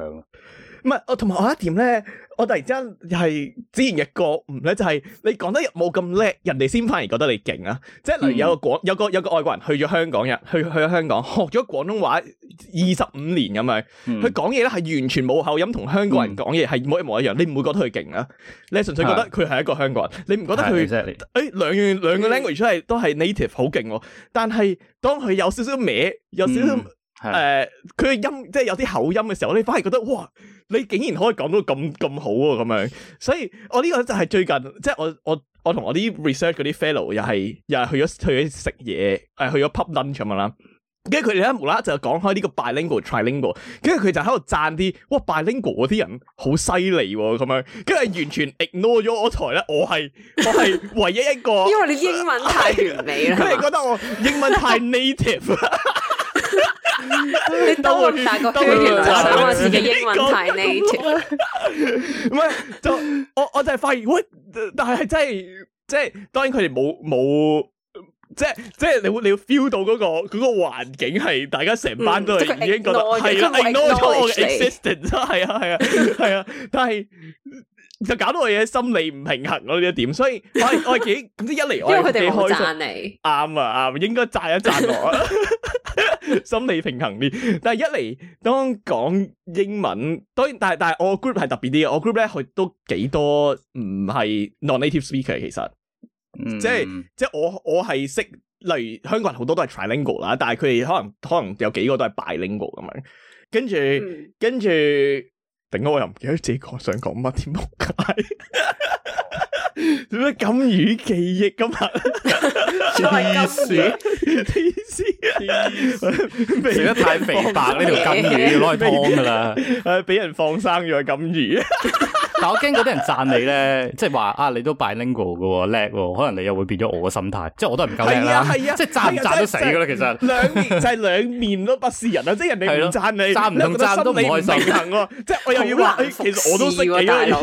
唔係，我同埋我一點咧，我突然間之間又係自然嘅覺悟咧，就係、是、你講得冇咁叻，人哋先反而覺得你勁啊！即係例如有個廣有個有個外國人去咗香，香、嗯、香港人去去香港學咗廣東話二十五年咁樣，佢講嘢咧係完全冇口音，同香港人講嘢係冇一模一樣，你唔會覺得佢勁啊？你純粹覺得佢係一個香港人，的你唔覺得佢誒兩樣兩個 language 都係都係 native 好勁、啊？但係當佢有少少歪，有少少。嗯誒，佢嘅、uh, 音即係有啲口音嘅時候，我反而覺得哇，你竟然可以講到咁咁好啊咁樣，所以我呢個就係最近，即係我我我，我同我啲 research 嗰啲 fellow 又係又係去咗去咗食嘢，誒、呃、去咗 pub lunch 咁樣啦，跟住佢哋咧無啦啦就講開呢個 bilingual trilingual，跟住佢就喺度讚啲哇 bilingual 嗰啲人好犀利咁樣，跟住完全 ignore 咗我台咧，我係我係唯一一個， [laughs] 因為你英文太完美啦，佢哋 [laughs] 覺得我英文太 native。 [laughs] [laughs] [laughs] 你都我大個 feel 我自己英文牌呢條？唔 [laughs] 係就我我就係發現，喂，但係係真係，即係當然佢哋冇冇，即係即係你會你會 feel 到嗰、那個嗰、這個環境係大家成班都係已經覺得係咯 n o 嘅 existence，係啊係啊係啊，啊啊 [laughs] 但係就搞到我嘅心理唔平衡咯呢一點，所以我我係幾咁知一嚟我佢哋幾開心，啱啊啱、啊啊，應該讚一讚我。 [laughs] [laughs] 心理平衡啲， [laughs] 但係一嚟當講英文，當然，但係但係我 group 係特別啲嘅，我 group 咧佢都幾多唔係 non-native speaker 其實，嗯、即係即係我我係識，例如香港人好多都係 trilingual 啦，ual，但係佢哋可能可能有幾個都係 bilingual 咁樣，嗯、跟住跟住，頂我又唔記得自己講想講乜添？ [laughs] [laughs] 點解金魚記憶咁啊？意思？意思？食得太肥白呢條金魚攞嚟劏噶啦，誒，俾人放生咗金魚。但我驚嗰啲人讚你咧，即係話啊，你都拜 Lingo 噶叻喎，可能你又會變咗我嘅心態，即係我都係唔夠叻啦，即係讚唔讚都死噶啦，其實。兩面就係兩面都不是人啊，即係人哋唔讚你，讚唔讚都你唔受得。即係我又要話，其實我都識嘅，大佬。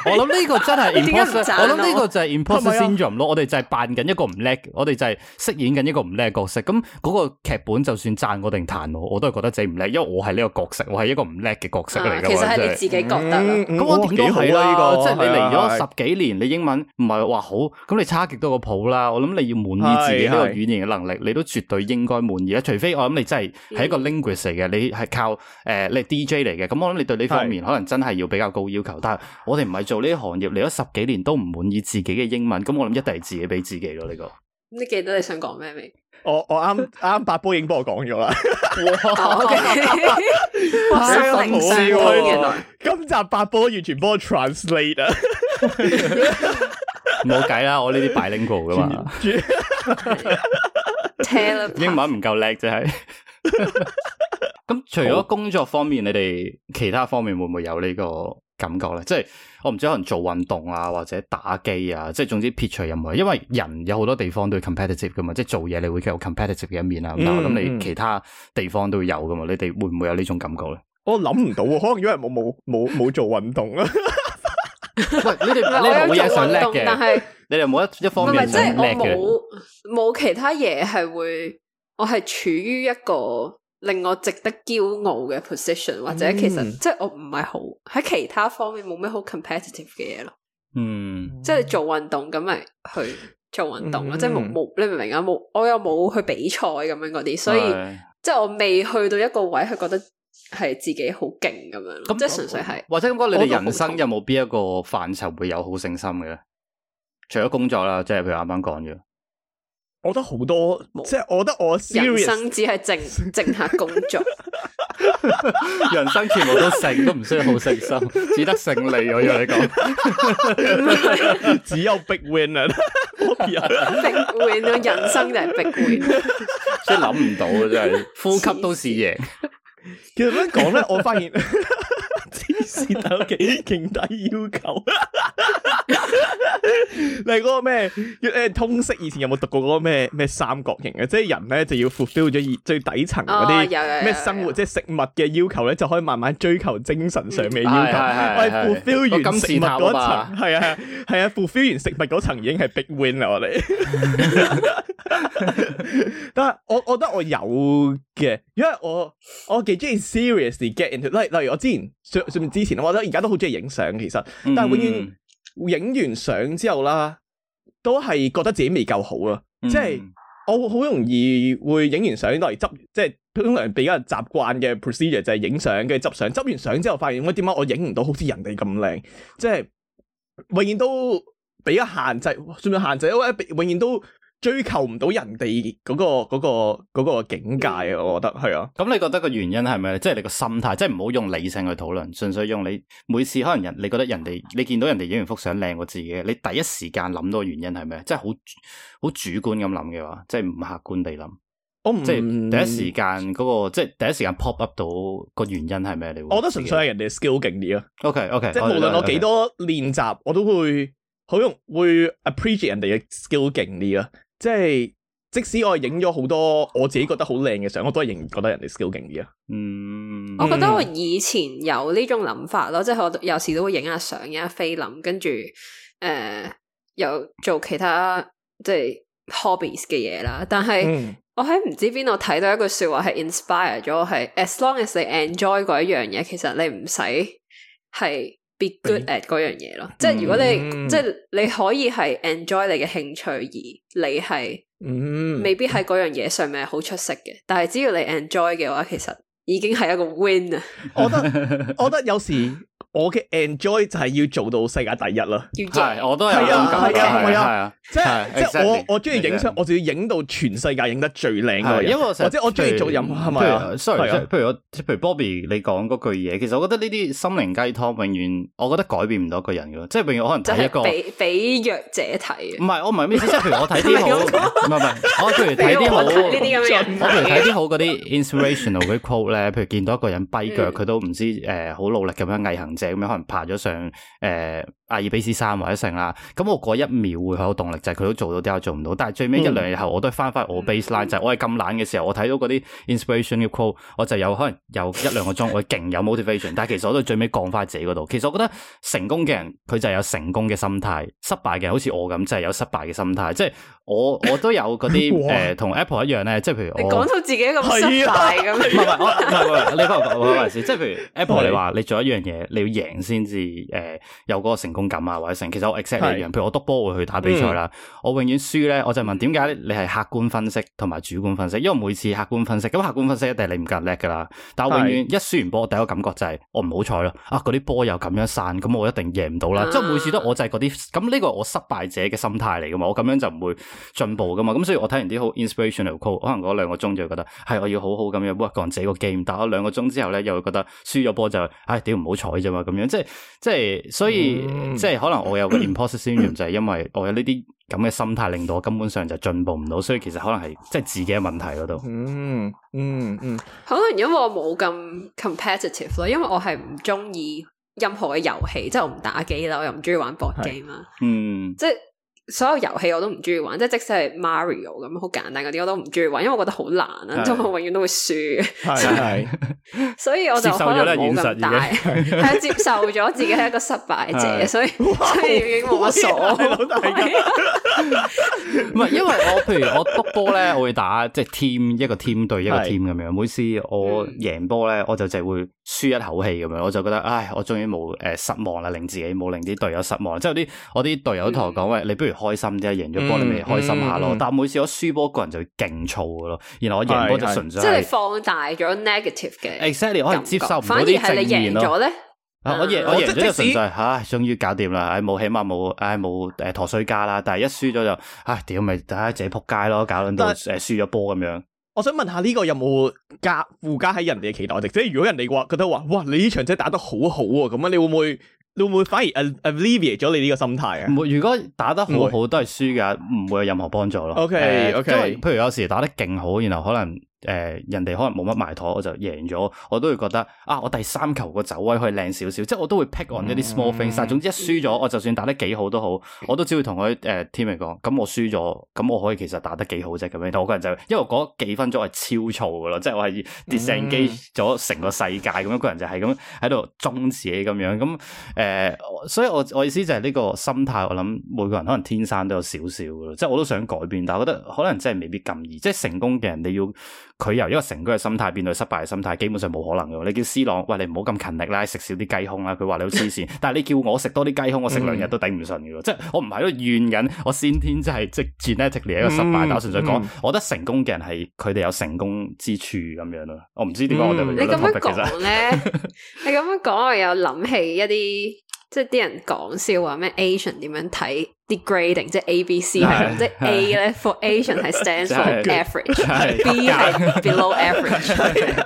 [laughs] 我諗呢個真係 imposter、啊、我諗呢個就係 imposter syndrome 咯、啊。我哋就係扮緊一個唔叻，我哋就係飾演緊一個唔叻角色。咁嗰個劇本就算讚我定彈我，我都係覺得自己唔叻，因為我係呢個角色，我係一個唔叻嘅角色嚟噶、啊。其實係你自己覺得。咁我點都好啊，呢、啊這個即係你嚟咗十幾年，你英文唔係話好，咁你差極多個譜啦。我諗你要滿意自己呢個語言嘅能力，你都絕對應該滿意。除非我諗你真係係一個 linguist 嚟嘅，你係靠誒你 DJ 嚟嘅。咁我諗你對呢方面的可能真係要比較高要求。但係我哋唔係。做呢啲行業嚟咗十幾年都唔滿意自己嘅英文，咁我諗一定係自己俾自己咯。呢、這個你記得你想講咩未？我我啱啱八波已經幫我講咗啦。好嘅、哦，好啊。原來今集八波完全幫我 translate 啊，冇計啦。我呢啲 bilingual 噶嘛。 [laughs] 英文唔夠叻，真係。咁除咗工作方面，好你哋其他方面會唔會有呢、這個？感覺咧，即係我唔知可能做運動啊，或者打機啊，即係總之撇除任何，因為人有好多地方都要 competitive 㗎嘛，即係做嘢你會有 competitive 嘅一面啊，咁、嗯、你其他地方都會有㗎嘛，你哋會唔會有呢種感覺咧？我諗唔到，可能因為我冇冇冇做運動啊 [laughs] 。喂，你哋你冇們嘢想叻嘅，但係是你哋冇一一方面是叻嘅即係是我冇冇其他嘢係會，我係處於一個。令我值得驕傲嘅 position，或者其實、嗯、即係我唔係好喺其他方面冇咩好 competitive 嘅嘢咯。嗯，即係做運動咁咪去做運動咯，嗯、即係冇冇你明唔明啊？冇我又冇去比賽咁樣嗰啲，所以是即係我未去到一個位，係覺得係自己好勁咁樣。咁、嗯、即係純粹係或者咁講，你哋人生有冇邊一個範疇會有好勝心嘅咧？除咗工作啦，即係譬如啱啱講咗。我覺得好多，有即係我覺得我 serious，人生只係剩剩下工作， [laughs] 人生全部都勝，都唔需要好勝心，只得勝利，我以為你講，是只有 big winner，成冠軍，人生就係 big winner，所以諗唔到啊真係，呼吸都是贏，其實點樣講咧，我發現，黐線 [laughs] 有幾勁大要求。 [laughs] 嚟嗰 [laughs] 個咩？誒，通識以前有冇讀過嗰個咩咩三角形啊？即係人咧就要 fulfill 咗最底層嗰啲咩生活，即係食物嘅要求咧，就可以慢慢追求精神上面嘅要求。喂，fulfill 完食物嗰層，係啊，係啊，fulfill 完食物嗰層已經係 big win 啦。我哋，但係我我覺得我有嘅，因為我我幾中意 seriously get into，例如例如我之前上上邊之前，我覺得而家都好中意影相，其實但係永遠。Mm hmm. 影完相之後啦，都係覺得自己未夠好咯。嗯、即係我好容易會影完相落嚟執，即係通常比較習慣嘅 procedure 就係影相跟住執相。執完相之後發現，喂，點解我影唔到好似人哋咁靚？即係永遠都俾咗限制，算唔算限制？因為永遠都。追求唔到人哋嗰、嗰個、嗰個、嗰個境界啊！我覺得係啊，咁、嗯、你覺得個原因係咩？咧、就是？即係你個心態，即係唔好用理性去討論，純粹用你每次可能人你覺得人哋你，你見到人哋影完幅相靚過自己，你第一時間諗到個原因係咩？即係好好主觀咁諗嘅話，即係唔客觀地諗，我唔知，即係第一時間嗰個即係第一時間 pop up 到個原因係咩咧？你會我覺得純粹係人哋嘅 skill 勁啲啊！OK OK，即係無論我幾多練習，okay, okay. 我都會好容易會 appreciate 人哋嘅 skill 勁啲啦。即係，即使我係影咗好多，我自己覺得好靚嘅相，我都係仍然覺得人哋 skill 勁啲啊。嗯，我覺得我以前有呢種諗法咯，即係我有時都會影下相，影下菲林，跟住誒又做其他即係 hobbies 嘅嘢啦。但係、嗯、我喺唔知邊度睇到一句說話係 inspire 咗我，係 as long as 你 enjoy 嗰一樣嘢，其實你唔使係。Be good at 嗰樣嘢咯，hmm. 即係如果你即係你可以係 enjoy 你嘅興趣而你係，嗯，未必喺嗰樣嘢上面係好出色嘅，但係只要你 enjoy 嘅話，其實已經係一個 win 啊！ [laughs] 我覺得，我覺得有時。 [laughs] 我嘅 enjoy 就係要做到世界第一啦，係我都係係啊係啊係啊，即係即係我我中意影相，我就要影到全世界影得最靚嘅因人，或者我中意做音樂係咪啊？Sorry 即係譬如我即譬如 Bobby 你講嗰句嘢，其實我覺得呢啲心靈雞湯永遠，我覺得改變唔到一個人嘅，即係永遠可能睇一個俾俾弱者睇，唔係我唔係咩意思，即係譬如我睇啲好唔係唔係，我譬如睇啲好，我譬如睇啲好嗰啲 inspirational 嗰啲 quote 咧，譬如見到一個人跛腳，佢都唔知誒好努力咁樣毅行。咁樣，可能爬咗上誒。呃阿爾卑斯山或者剩啦，咁、嗯、我嗰一秒會好有動力，就係、是、佢都做到啲，我做唔到。但係最尾一兩日後我都翻翻我 baseline、嗯、就係我係咁懶嘅時候，我睇到嗰啲 inspiration call，我就有可能有一兩個鐘我勁有 motivation。但係其實我都最尾降翻自己嗰度。其實我覺得成功嘅人佢就係有成功嘅心態，失敗嘅人好似我咁就係、是、有失敗嘅心態。即、就、係、是、我我都有嗰啲誒同、呃、Apple 一樣咧，即、就、係、是、譬如你講到自己咁失敗咁、 [laughs] 啊，唔係唔係，你翻嚟講，我講埋先。即係譬如 Apple，你話你做一樣嘢，你要贏先至誒有嗰個成功。感啊或者成，其實我 accept 一樣，是譬如我督波會去打比賽啦，嗯、我永遠輸咧，我就問，點解你係客觀分析同埋主觀分析，因為每次客觀分析，咁客觀分析一定係你唔夠叻噶啦。但我永遠一輸完波，我第一個感覺就係我唔好彩咯啊！啲波又咁樣散，咁我一定贏唔到啦。即係、啊、每次都我就係啲，咁呢個我失敗者嘅心態嚟噶嘛？我咁樣就唔會進步噶嘛？咁所以我睇完啲好 inspirational call，可能嗰兩個鐘就會覺得係、哎、我要好好咁樣 work on 自己個 game。打咗兩個鐘之後咧，又會覺得輸咗波就唉屌唔好彩啫嘛咁樣，即係即係所以。嗯 [noise] 即係可能我有個 imposter syndrome 就係因為我有呢啲咁嘅心態令到我根本上就進步唔到，所以其實可能係即係自己嘅問題嗰度、嗯。嗯嗯嗯，可能因為我冇咁 competitive 咯，因為我係唔中意任何嘅遊戲，即係我唔打機啦，我又唔中意玩 board game 是嘛。嗯。即係。所有遊戲我都唔中意玩，即係即使係 Mario 咁好簡單嗰啲，我都唔中意玩，因為我覺得好難啊，都的永遠都會輸。係係， [laughs] 所以我就可能冇咁大接受咗啦，現實 [laughs] 接受咗自己係一個失敗者，的所以即 [laughs] 以已經冇乜所謂。唔係， [laughs] [laughs] [laughs] 因為我譬如我督波咧，我會打即係、就是、team 一個 team 對一個 team 咁樣，每次我贏波咧，我就淨係會。輸一口氣咁樣，我就覺得，唉，我終於冇誒失望啦，令自己冇令啲隊友失望。即係啲我啲隊友同我講，嗯、喂，你不如開心啫，贏咗波你咪開心下咯。但係每次我輸波，個人就會勁燥㗎咯。然後我贏波就純粹即係放大咗 negative 嘅。Exactly，我係接受唔到啲正面咗，啊，我贏我贏咗就純粹，唉，終於搞掂啦，唉、哎，冇，起碼冇，唉，冇誒陀衰家啦。但係一輸咗就，唉、哎，屌、哎、咪，唉、哎、自己撲街咯，搞到到誒輸咗波咁樣。我想問下呢個有冇加附加喺人哋嘅期待度？即係如果人哋話覺得話，哇，你呢場真打得好好啊？咁你會唔會你會唔會反而誒誒 alleviate 咗你呢個心態啊？如果打得好好都係輸噶唔會有任何幫助咯。OK OK，呃，因為譬如有時打得勁好，然後可能。誒、呃，人哋可能冇乜埋妥，我就贏咗，我都會覺得啊，我第三球個走位可以靚少少，即係我都會 pick on 一啲 small things。Mm. 但係總之一輸咗，我就算打得幾好都好，我都只會同佢誒，team 咪講，咁、呃嗯、我輸咗，咁、嗯、我可以其實打得幾好啫。咁樣，我個人就因為嗰幾分鐘係超燥噶咯，即係我係跌成機咗成個世界咁，一個、mm. 人就係咁喺度中邪咁樣。咁誒、呃，所以我我意思就係呢個心態，我諗每個人可能天生都有少少噶咯，即係我都想改變，但係我覺得可能真係未必咁易。即係成功嘅人，你要。佢由一個成功嘅心態變到失敗嘅心態，基本上冇可能嘅。你叫 C 朗，喂，你唔好咁勤力啦，食少啲雞胸啦。佢話你好黐線， [laughs] 但係你叫我食多啲雞胸，我食兩日都頂唔順嘅。嗯、即係我唔係喺度怨緊，我先天、就係、即係即係 genetically 一個失敗。嗯、但我純粹講，嗯、我覺得成功嘅人係佢哋有成功之處咁樣咯。我唔知點解我哋你咁樣講咧， [laughs] 你咁樣講我又有諗起一啲即係啲人講笑話咩 Asian 點樣睇？啲 grading 即係 A、B 是、C 係，即係 A 咧，for Asian 係 stand for average, s for average，B 係 below average、right?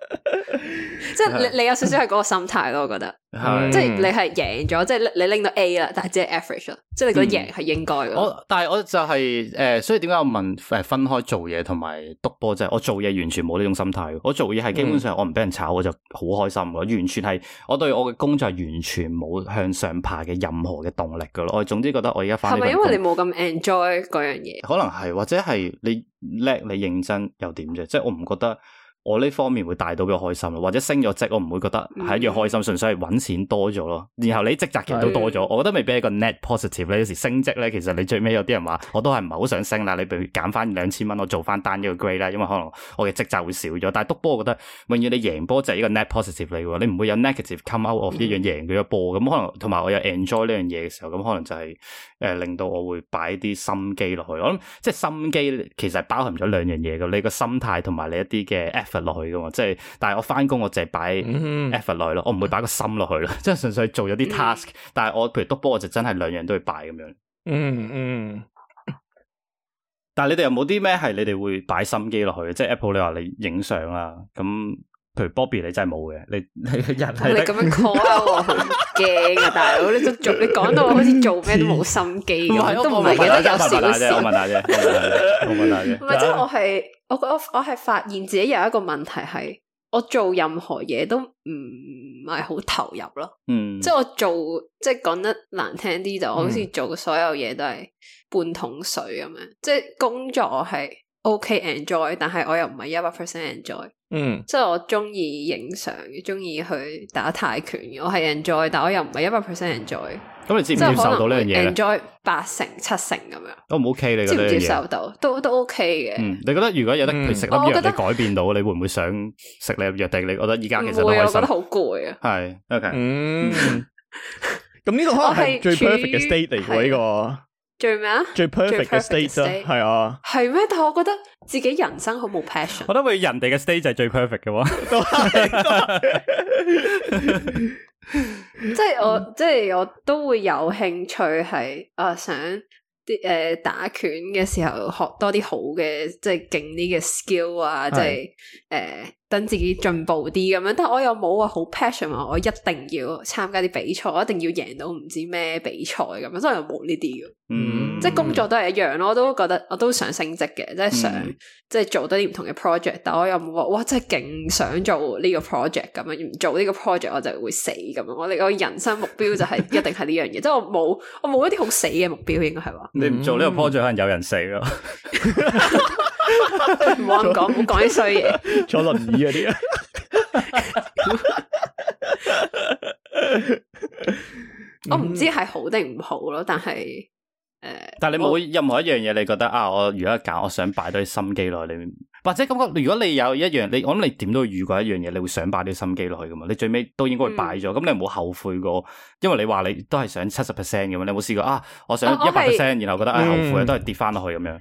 [laughs] 即。即係你你有少少係嗰個心態咯，我覺得，嗯、即係你係贏咗，即係你拎到 A 啦，但係只係 average 咯，即係你覺得贏係應該、嗯。我但係我就係、是、誒、呃，所以點解我問誒、呃、分開做嘢同埋督波啫？就是、我做嘢完全冇呢種心態，我做嘢係基本上我唔俾人炒，我就好開心。我完全係我對我嘅工作係完全冇向上爬嘅任何嘅動力噶咯，我總之覺得我而家翻嚟係咪因為你冇咁 enjoy 嗰樣嘢？可能係，或者係你叻，你認真又點啫？即係我唔覺得。我呢方面會帶到比較開心咯，或者升咗職，我唔會覺得係一樣開心，嗯、純粹係揾錢多咗咯。然後你職責其實都多咗，對我覺得未必係一個 net positive 咧。有時升職咧，其實你最尾有啲人話，我都係唔係好想升啦。你譬如減翻兩千蚊，我做翻單一個 grade 啦，因為可能我嘅職責會少咗。但係篤波，我覺得，永遠你贏波就係一個 net positive 嚟㗎，你唔會有 negative come out of 呢樣贏佢嘅一波。咁、嗯、可能同埋我有 enjoy 呢樣嘢嘅時候，咁可能就係、是、誒、呃、令到我會擺啲心機落去。我諗即係心機其實包含咗兩樣嘢㗎，你個心態同埋你一啲嘅 effort。落去嘅。即係、mm，但、hmm。係我翻工我淨係擺 effort 咯，我唔會擺個心落去咯，即係純粹做咗啲 task，但係我譬如督波，我就真係兩樣都要擺咁樣。嗯嗯、mm，hmm。但係你哋有冇啲咩係你哋會擺心機落去？即、就、係、是、Apple，你話你影相啊，咁。譬如 Bobby，你真係冇嘅，你你人係你咁樣叫，我好驚啊！大佬，你做你講到我好似做咩都冇心機咁，都唔記得有事冇事。我問阿姐，我問阿姐，我問阿姐。唔係，即係我係我我我係發現自己有一個問題係，我做任何嘢都唔係好投入咯。嗯，即係我做，即係講得難聽啲，就好似做所有嘢都係半桶水咁樣。即係工作我係 OK enjoy，但係我又唔係一百 percent enjoy。嗯，即係我中意影相，中意去打泰拳，我係 enjoy，但係我又唔係一百 percent enjoy。咁你接唔接受到呢樣嘢咧？enjoy 八成七成咁樣。都唔 OK，你覺得接受到？都都 OK 嘅。嗯，你覺得如果有得食粒藥你改變到，你會唔會想食你嘅藥定？你覺得依家其實都開心。會，我覺得好攰啊。係，OK。嗯。咁呢個可能係最 perfect 嘅 state 嚟喎呢個。最咩是啊？最 perfect 嘅 stage 啦，係啊，係咩？但係我覺得自己人生好冇 passion 我。我覺得會人哋嘅 stage 係最 perfect 嘅，即係我即係我都會有興趣係啊，想啲誒、呃、打拳嘅時候學多啲好嘅，即係勁啲嘅 skill 啊，是的 即係誒。呃等自己進步啲咁樣，但係我又冇話好 passion，話我一定要參加啲比賽，我一定要贏到唔知咩比賽咁樣，所以我又冇呢啲嘅。嗯，即係工作都係一樣咯，我都覺得我都想升職嘅，即係想、嗯、即係做多啲唔同嘅 project，但我又冇話哇，真係勁想做呢個 project 咁樣，唔做呢個 project 我就會死咁樣。我哋個人生目標就係、是、 [laughs] 一定係呢樣嘢，即係我冇我冇一啲好死嘅目標，應該係話。你唔做呢個 project，嗯、可能有人死咯。 [laughs] [laughs] 我唔講，唔講啲衰嘢。坐輪椅嗰啲啊！我唔知係好定唔好咯，但係誒。但係你冇任何一樣嘢，你覺得啊？我如果一搞，我想擺多啲心機落去，或者感覺如果你有一樣，你我諗你點都會遇過一樣嘢，你會想擺啲心機落去噶嘛？你最尾都應該會擺咗，咁、嗯、你冇後悔過？因為你話你都係想七十 percent 嘅嘛？你有冇試過啊？我想一百 percent，然後覺得啊、哎、後悔，都係跌翻落去咁樣。啊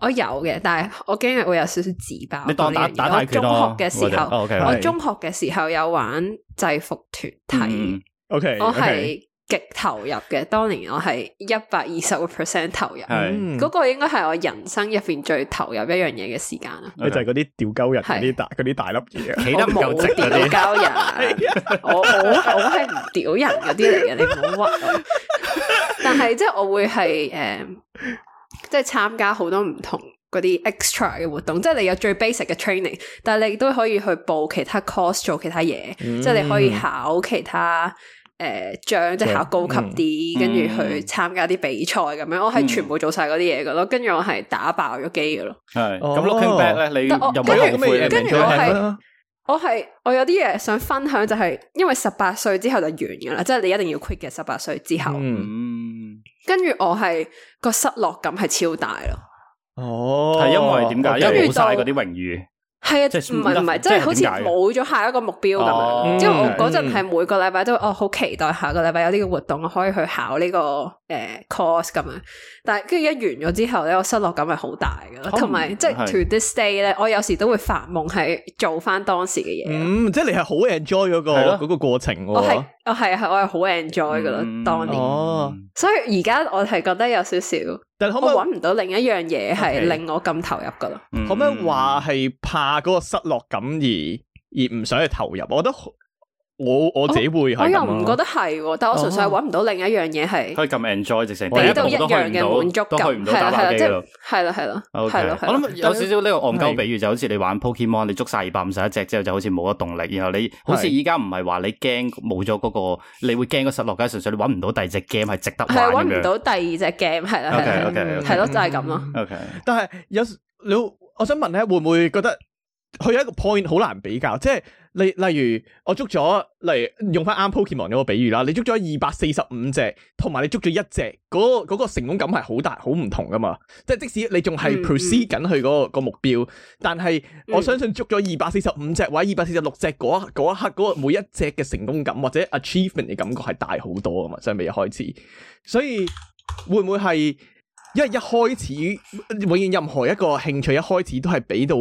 我有嘅，但係我驚今日會有少少自爆。你當年打解決我中學嘅時候，哦、okay, okay. 我中學嘅時候有玩制服團體。嗯、o、okay, K，、okay. 我係極投入嘅，當年我係一百二十個 percent 投入。嗰的、嗯、個應該係我人生入邊最投入一樣嘢嘅時間啦。你就係嗰啲掉鳩人，嗰啲大啲大粒嘢，起得又直掉鳩人。我我我係唔吊人嗰啲嚟嘅，你唔好屈我。但係即係我會係誒。Um, 即係參加好多唔同嗰啲 extra 嘅活動，即係你有最 basic 嘅 training，但係你都可以去報其他 course 做其他嘢，嗯、即係你可以考其他誒章、呃，即係考高級啲，跟住去參加啲比賽咁樣。嗯、我係全部做晒嗰啲嘢噶咯，跟住我係打爆咗機噶咯。係咁 looking back 咧，你又冇咁嘅嘢。跟住我係我係我有啲嘢想分享、就是，就係因為十八歲之後就完噶啦，即係你一定要 quick 嘅十八歲之後。嗯。跟住我係個失落感係超大咯，哦，係因為點解？因為冇晒嗰啲榮譽。係啊，唔係唔係，即係好似冇咗下一個目標咁。即係我嗰陣係每個禮拜都，哦，好期待下個禮拜有呢個活動，我可以去考呢個誒 course 咁啊。但係跟住一完咗之後咧，我失落感係好大㗎喇，同埋即係 to this day 咧，我有時都會發夢係做翻當時嘅嘢。嗯，即係你係好 enjoy 嗰個嗰個過程。我係我係係我係好 enjoy 㗎喇，當年。哦，所以而家我係覺得有少少。但係可唔可以揾唔到另一樣嘢係令我咁投入噶咯？嗯、可唔可以話係怕嗰個失落感而而唔想去投入？我覺得。我我自己會係，我又唔覺得係，但係我純粹係搵唔到另一樣嘢係可以咁 enjoy，直情畀到一樣嘅滿足感都去唔到，都去唔到打打機咯，係啦係啦，我諗有少少呢個戇鳩比喻，就好似你玩 Pokemon，你捉晒二百五十一隻之後，就好似冇咗動力，然後你好似依家唔係話你驚冇咗嗰個，你會驚個失落感，純粹你搵唔到第二隻 game 係值得玩嘅，係搵唔到第二隻 game，係啦係啦，係咯就係咁咯。但係有你，我想問咧，會唔會覺得？佢有一個 point 好難比較，即係例例如我捉咗，例如用翻《啱 Pokemon》嗰個比喻啦，你捉咗二百四十五隻，同埋你捉咗一隻，嗰嗰、嗰個成功感係好大，好唔同噶嘛。即係即使你仲係 persist 緊去嗰、嗰個、嗰個目標，但係我相信捉咗二百四十五隻或者二百四十六隻嗰一刻嗰每一隻嘅成功感或者 achievement 嘅感覺係大好多噶嘛。即係未開始，所以會唔會係因為一開始永遠任何一個興趣一開始都係俾到？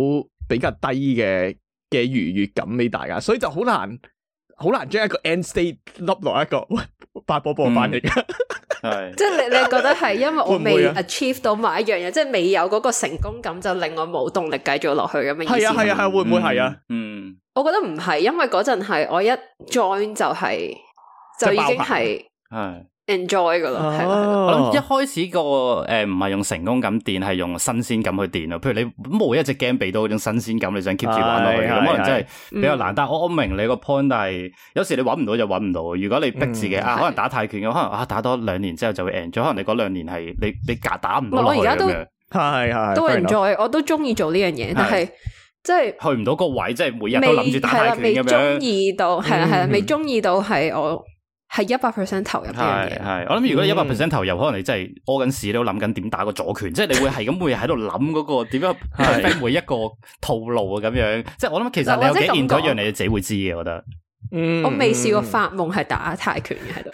比較低嘅嘅愉悅感俾大家，所以就好難好難將一個 end state 凹落一個發 [laughs] 波波反應，係即係你你覺得係因為我未 achieve 到某一樣嘢，會會啊、即係未有嗰個成功感，就令我冇動力繼續落去咁樣。係啊係啊係會唔會係啊？嗯、啊，啊會會啊、我覺得唔係，因為嗰陣係我一 join 就係、是、就已經係。爆 [laughs] enjoy 噶啦，係啦，我諗一開始個誒唔係用成功感電，係用新鮮感去電咯。譬如你冇一隻 game 俾到嗰種新鮮感，你想 keep 住玩落去咁，可能真係比較難。但我我明你個 point，但係有時你搵唔到就搵唔到。如果你逼自己啊，可能打泰拳，可能啊打多兩年之後就會 enjoy。可能你嗰兩年係你你夾打唔落去咁樣。我而家都係係都 enjoy，我都中意做呢樣嘢，但係即係去唔到個位，即係每日都諗住打泰拳咁樣。中意到係啊係啊，未中意到係我。係一百 percent 投入嘅，係我諗，如果你一百 percent 投入，嗯、可能你真係屙緊屎都諗緊點打個左拳，嗯、即係你會係咁會喺度諗嗰個點樣每一個套路啊咁樣。是即係我諗，其實你有幾唔咗一樣你自己會知嘅。我覺得，嗯、我未試過發夢係打泰拳嘅。喺度，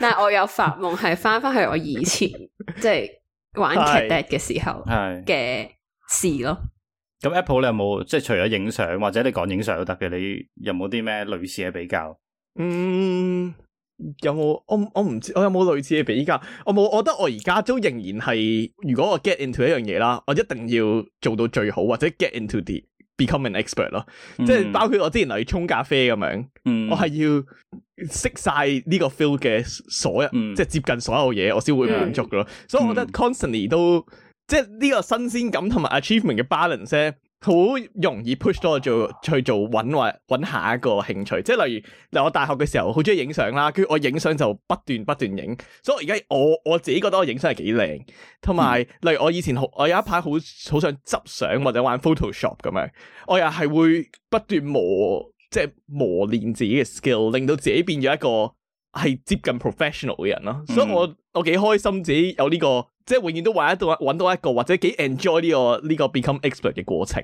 但係我有發夢係翻翻去我以前 [laughs] 即係玩 kate 嘅時候嘅事咯。咁 Apple 你有冇即係除咗影相，或者你講影相都得嘅，你有冇啲咩類似嘅比較？嗯，有冇我我唔知我有冇類似嘅比較？我冇，我覺得我而家都仍然係，如果我 get into 一樣嘢啦，我一定要做到最好，或者 get into 啲 become an expert 咯。嗯、即係包括我之前嚟沖咖啡咁樣，嗯、我係要識晒呢個 field 嘅所有，嗯、即係接近所有嘢，我先會滿足嘅咯。Yeah, 所以我覺得 constantly 都、嗯、即係呢個新鮮感同埋 achievement 嘅 balance。好容易 push 到我做去做揾或揾下一個興趣，即係例如，例如我大學嘅時候好中意影相啦，跟住我影相就不斷不斷影，所以我而家我我自己覺得我影相係幾靚，同埋例如我以前好，我有一排好好想執相或者玩 Photoshop 咁樣，我又係會不斷磨，即係磨練自己嘅 skill，令到自己變咗一個係接近 professional 嘅人咯，嗯，所以我我幾開心自己有呢個。即係永遠都玩得到，搵到一個或者幾 enjoy 呢個呢個 become expert 嘅過程。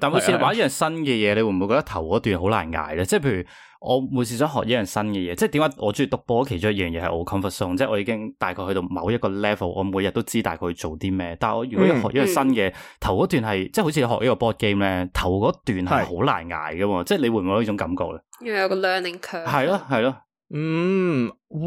但每次玩一樣新嘅嘢，你會唔會覺得頭嗰段好難挨咧？即係譬如我每次想學一樣新嘅嘢，即係點解我中意讀波？其中一樣嘢係我 comfort，即係我已經大概去到某一個 level，我每日都知大概做啲咩。但係我如果學一樣新嘅，嗯嗯、頭嗰段係即係好似學呢個 board game 咧，頭嗰段係好難挨噶嘛？即係你會唔會有呢種感覺咧？因為有個 learning curve 係咯係咯。嗯，會，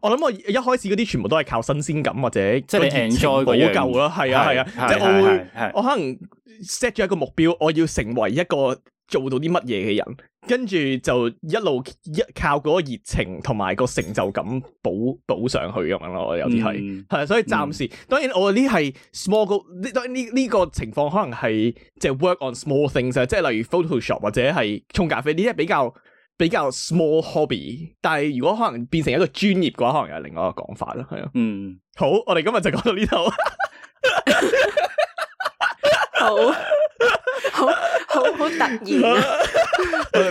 我諗我一開始嗰啲全部都係靠新鮮感或者即係熱情補救咯，係啊係啊，啊啊即係我會是是是是我可能 set 咗一個目標，我要成為一個做到啲乜嘢嘅人，跟住就一路一靠嗰個熱情同埋個成就感補補上去咁樣咯，我有啲係係，所以暫時、嗯、當然我呢係 small goal 當然呢呢個情況可能係即係 work on small things 即係例如 Photoshop 或者係沖咖啡呢啲比較。比較 small hobby，但係如果可能變成一個專業嘅話，可能有另外一個講法啦，係啊。嗯，好，我哋今日就講到呢度。 [laughs] [laughs] 好。 [laughs] 好好好，突然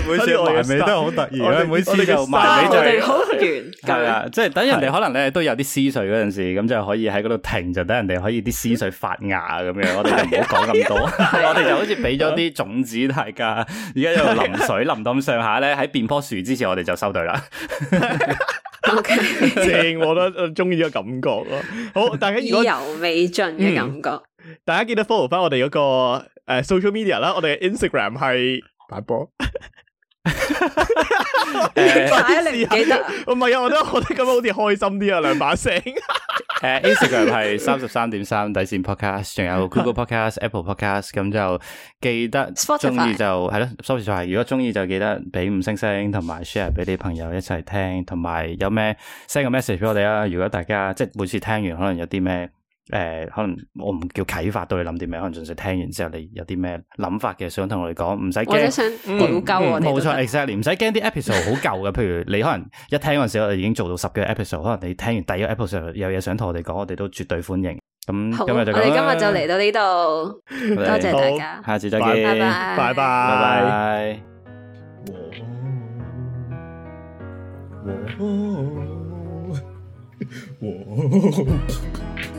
我哋每次埋尾都係好突然啊！每次就埋尾， [laughs] 我哋好圓係啦，即係，啊就是，等人哋可能咧都有啲思緒嗰陣時，咁就可以喺嗰度停，是就等人哋可以啲思緒發芽咁樣。我哋就唔好講咁多，我哋就好似俾咗啲種子大家。而家又淋水淋到咁上下咧，喺變棵樹之前，我哋就收隊啦。 [laughs] [laughs] o Okay . K，正，我都中意個感覺咯。好，大家 [laughs] 意猶未盡嘅感覺。嗯大家記得 follow 翻我哋嗰個誒 social media 啦，我哋 Inst Instagram 係擺波，擺你幾？唔係啊，我都覺得今日好似開心啲啊，兩把聲。誒，Instagram 係三十三點三底線 podcast，仲有 Google podcast、 [laughs] Apple podcast，咁就記得中意 Spotify? 就係咯，收視率。如果中意就記得畀五星星，同埋 share 俾啲朋友一齊聽，同埋有咩 send 個 message 俾我哋啊！如果大家即係每次聽完可能有啲咩？誒、呃，可能我唔叫啟發到你諗啲咩，可能純粹聽完之後你有啲咩諗法嘅，想同我哋講，唔使驚。想我都想掛冇錯，exactly，唔使驚啲 episode 好舊嘅，譬如，你可能一聽嗰陣時，我哋已經做到十幾個嘅 episode，可能你聽完第一個 episode 有嘢想同我哋講，我哋都絕對歡迎。咁咁啊，好今就我今日就嚟到呢度，多 [laughs] 謝，謝大家，下次再見，拜拜，拜拜。